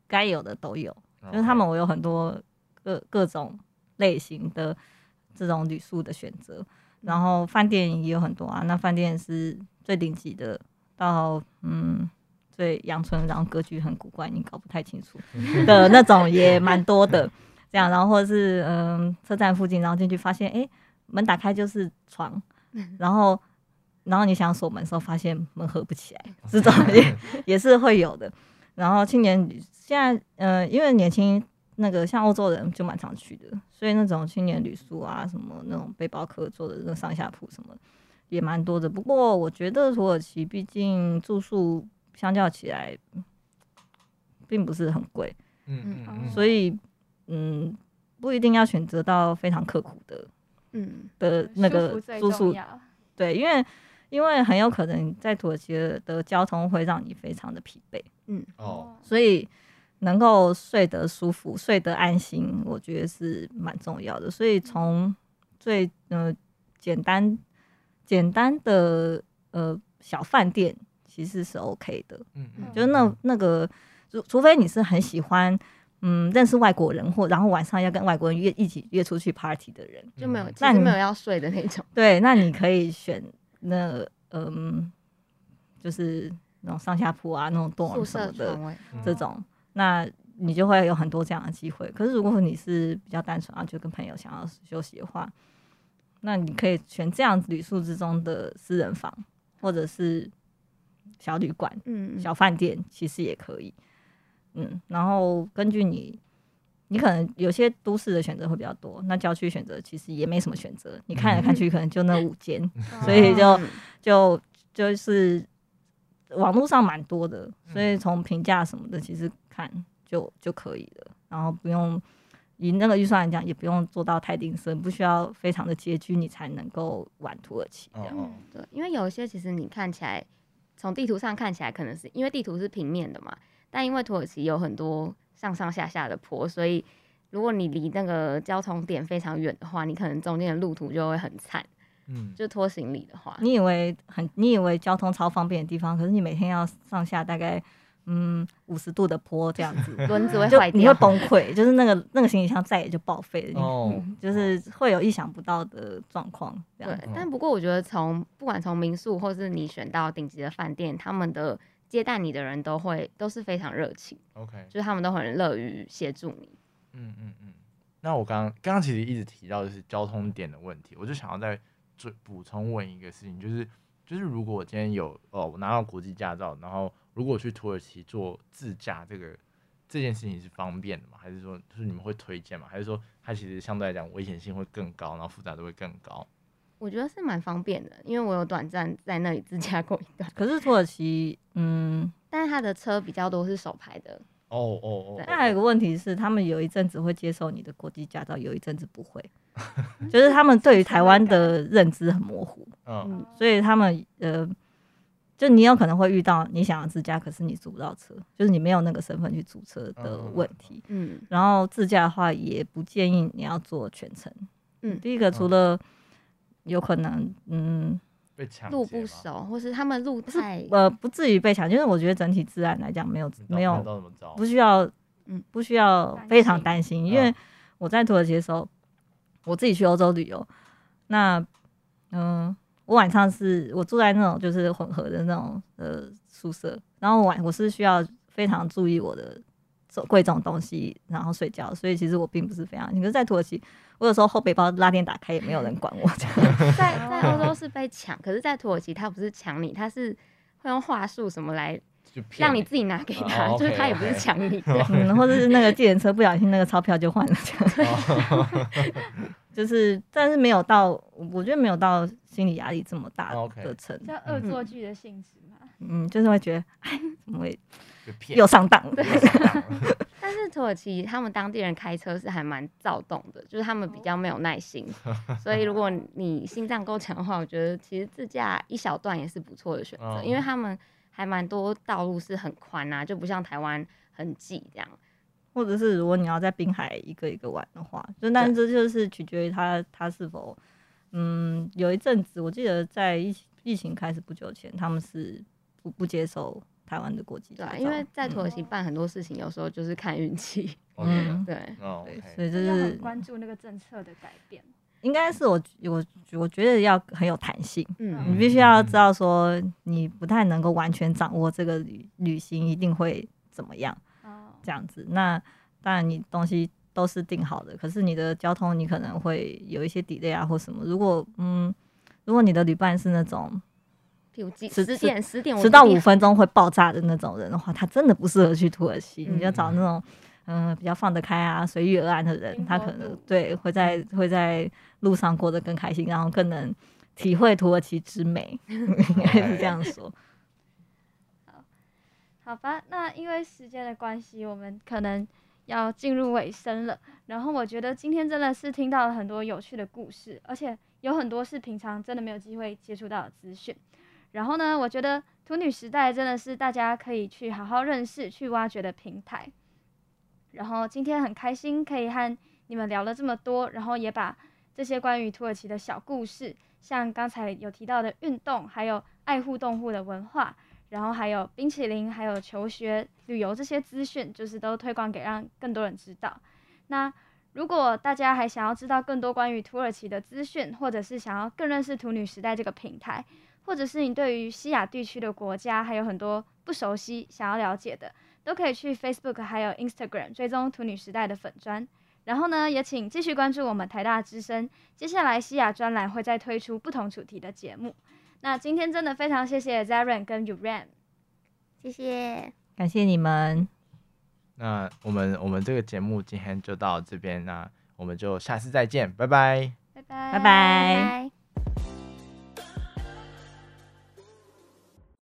該有的都有。Okay. 就是他們我有很多各各種類型的這種旅宿的選擇，然後飯店也有很多啊。那飯店是最頂級的。到嗯，對，陽春，然後格局很古怪，你搞不太清楚的 [laughs] 那種也蠻多的。這樣，然後或者是嗯，車站附近，然後進去發現，哎，門打開就是床，然後然後你想鎖門的時候，發現門合不起來，這種也也是會有的。然後青年旅，現在嗯、呃，因為年輕那個像歐洲人就蠻常去的，所以那種青年旅宿啊，什麼那種背包客做的那上下鋪什麼。也蠻多的，不過我覺得土耳其畢竟住宿相較起來，並不是很貴，嗯，嗯，嗯，所以嗯，不一定要選擇到非常刻苦的，嗯的那個住宿，對，因為因為很有可能在土耳其的交通會讓你非常的疲憊，嗯，哦，所以能夠睡得舒服、睡得安心，我覺得是蠻重要的。所以從最，呃，簡單。簡單的呃小飯店其實是 OK 的，嗯嗯就，就是那那個除除非你是很喜歡嗯認識外國人或然後晚上要跟外國人約一起約，約出去 party 的人就沒有你沒有要睡的那種那你， [laughs] 對，那你可以選那嗯、呃、就是那種上下鋪啊那種 dorm 什麼的這種，那你就會有很多這樣的機會。可是如果你是比較單純啊，就跟朋友想要休息的話。那你可以選這樣旅宿之中的私人房，或者是小旅館、小飯店，其實也可以。嗯，然後根據你，你可能有些都市的選擇會比較多，那郊區選擇其實也沒什麼選擇。你看來看去，可能就那五間，嗯、所以就就就是網路上蠻多的，所以從評價什麼的，其實看就就可以了，然後不用。以那個預算來講，也不用做到太定深，不需要非常的拮據，你才能夠玩土耳其這樣、嗯。對，因為有一些其實你看起來，從地圖上看起來，可能是因為地圖是平面的嘛，但因為土耳其有很多上上下下的坡，所以如果你離那個交通點非常遠的話，你可能中間的路途就會很慘。嗯，就拖行李的話，嗯、你以為很你以為交通超方便的地方，可是你每天要上下大概。嗯，五十度的坡這樣子，輪子會壞，你會崩潰， [laughs] 就是那個那個行李箱再也就報廢了。哦，就是會有意想不到的狀況這樣。對，但不過我覺得從不管從民宿或是你選到頂級的飯店，他們的接待你的人都會都是非常熱情。OK，就是他們都很樂於協助你。嗯嗯嗯。那我剛剛剛其實一直提到的是交通點的問題，我就想要再補充問一個事情，就是就是如果我今天有哦、呃、我拿到國際駕照，然後。如果去土耳其做自駕，這個這件事情是方便的嗎？還是說，就是你們會推薦嗎？還是說，它其實相對來講危險性會更高，然後複雜度會更高？我覺得是蠻方便的，因為我有短暫在那裡自駕過一段。可是土耳其，嗯， [laughs] 但是他的車比較多是手排的。哦哦哦。那還有一個問題是，他們有一陣子會接受你的國際駕照，有一陣子不會， [laughs] 就是他們對於台灣的認知很模糊。Oh. 嗯。所以他們呃。就你有可能會遇到你想要自駕，可是你租不到車，就是你沒有那個身份去租車的問題。嗯、然後自駕的話也不建議你要做全程。嗯、第一個除了有可能，嗯，路不熟，或是他們路太……呃，不至於被搶，因為我覺得整體治安來講沒有沒有，不需要，嗯，不需要非常擔心。嗯擔心。嗯、因為我在土耳其的時候，我自己去歐洲旅遊，那嗯。呃我晚上是我住在那種就是混合的那種呃宿舍，然後晚我，我是需要非常注意我的貴重的東西，然後睡覺，所以其實我並不是非常，你可是在土耳其，我有時候後背包拉鏈打開也沒有人管我這樣。 [laughs] 在在歐洲是被搶，可是在土耳其他不是搶你，他是會用話術什麼來讓你自己拿給他，就，就是他也不是搶你，嗯，或者是那個計程車不小心那個鈔票就換了這樣。 [laughs] [laughs] 就是，但是沒有到，我覺得沒有到心理壓力這麼大的程度。Oh, okay. 嗯、叫惡作劇的性質嘛？嗯，就是會覺得哎，怎麼會又上當了？對。 [laughs] 但是土耳其他們當地人開車是還蠻躁動的，就是他們比較沒有耐心。Oh. 所以如果你心臟夠強的話，我覺得其實自駕一小段也是不錯的選擇，oh. 因為他們還蠻多道路是很寬吶、啊，就不像台灣很擠這樣。或者是如果你要在濱海一個一個玩的話，就但是這就是取決於他他是否，嗯，有一陣子我記得在疫疫情開始不久前，他們是不不接受台灣的國籍。對，因為在土耳其辦很多事情，嗯哦，有時候就是看運氣，對，哦嗯，對，所以，哦 okay，就是關注那個政策的改變，應該是我我我覺得要很有彈性，嗯，你必須要知道說你不太能夠完全掌握這個旅行一定會怎麼樣。這樣子，那當然你東西都是定好的，可是你的交通你可能會有一些 delay 啊或什麼。如果嗯，如果你的旅伴是那種，比如十點、十點、十到五分鐘會爆炸的那種人的話，他真的不適合去土耳其。嗯、你要找那種嗯比較放得開啊、隨遇而安的人，他可能對會在會在路上過得更開心，然後更能體會土耳其之美，應該 [laughs] [laughs] 是這樣說。好吧，那因為時間的關係，我們可能要進入尾聲了。然後我覺得今天真的是聽到了很多有趣的故事，而且有很多是平常真的沒有機會接觸到的資訊。然後呢，我覺得土女時代真的是大家可以去好好認識、去挖掘的平台。然後今天很開心可以和你們聊了這麼多，然後也把這些關於土耳其的小故事，像剛才有提到的運動，還有愛護動物的文化，然後還有冰淇淋，還有求學、旅遊這些資訊，就是都推廣給讓更多人知道。那如果大家還想要知道更多關於土耳其的資訊，或者是想要更認識土女時代這個平台，或者是你對於西亞地區的國家還有很多不熟悉、想要了解的，都可以去 Facebook 還有 Instagram 追蹤土女時代的粉專。然後呢，也請繼續關注我們台大之聲。接下來西亞專欄會再推出不同主題的節目。那今天真的非常謝謝 Zeren 跟 Umran，謝謝，感謝你們。那我們我們這個節目今天就到這邊，那我們就下次再見，拜拜，拜拜，拜拜。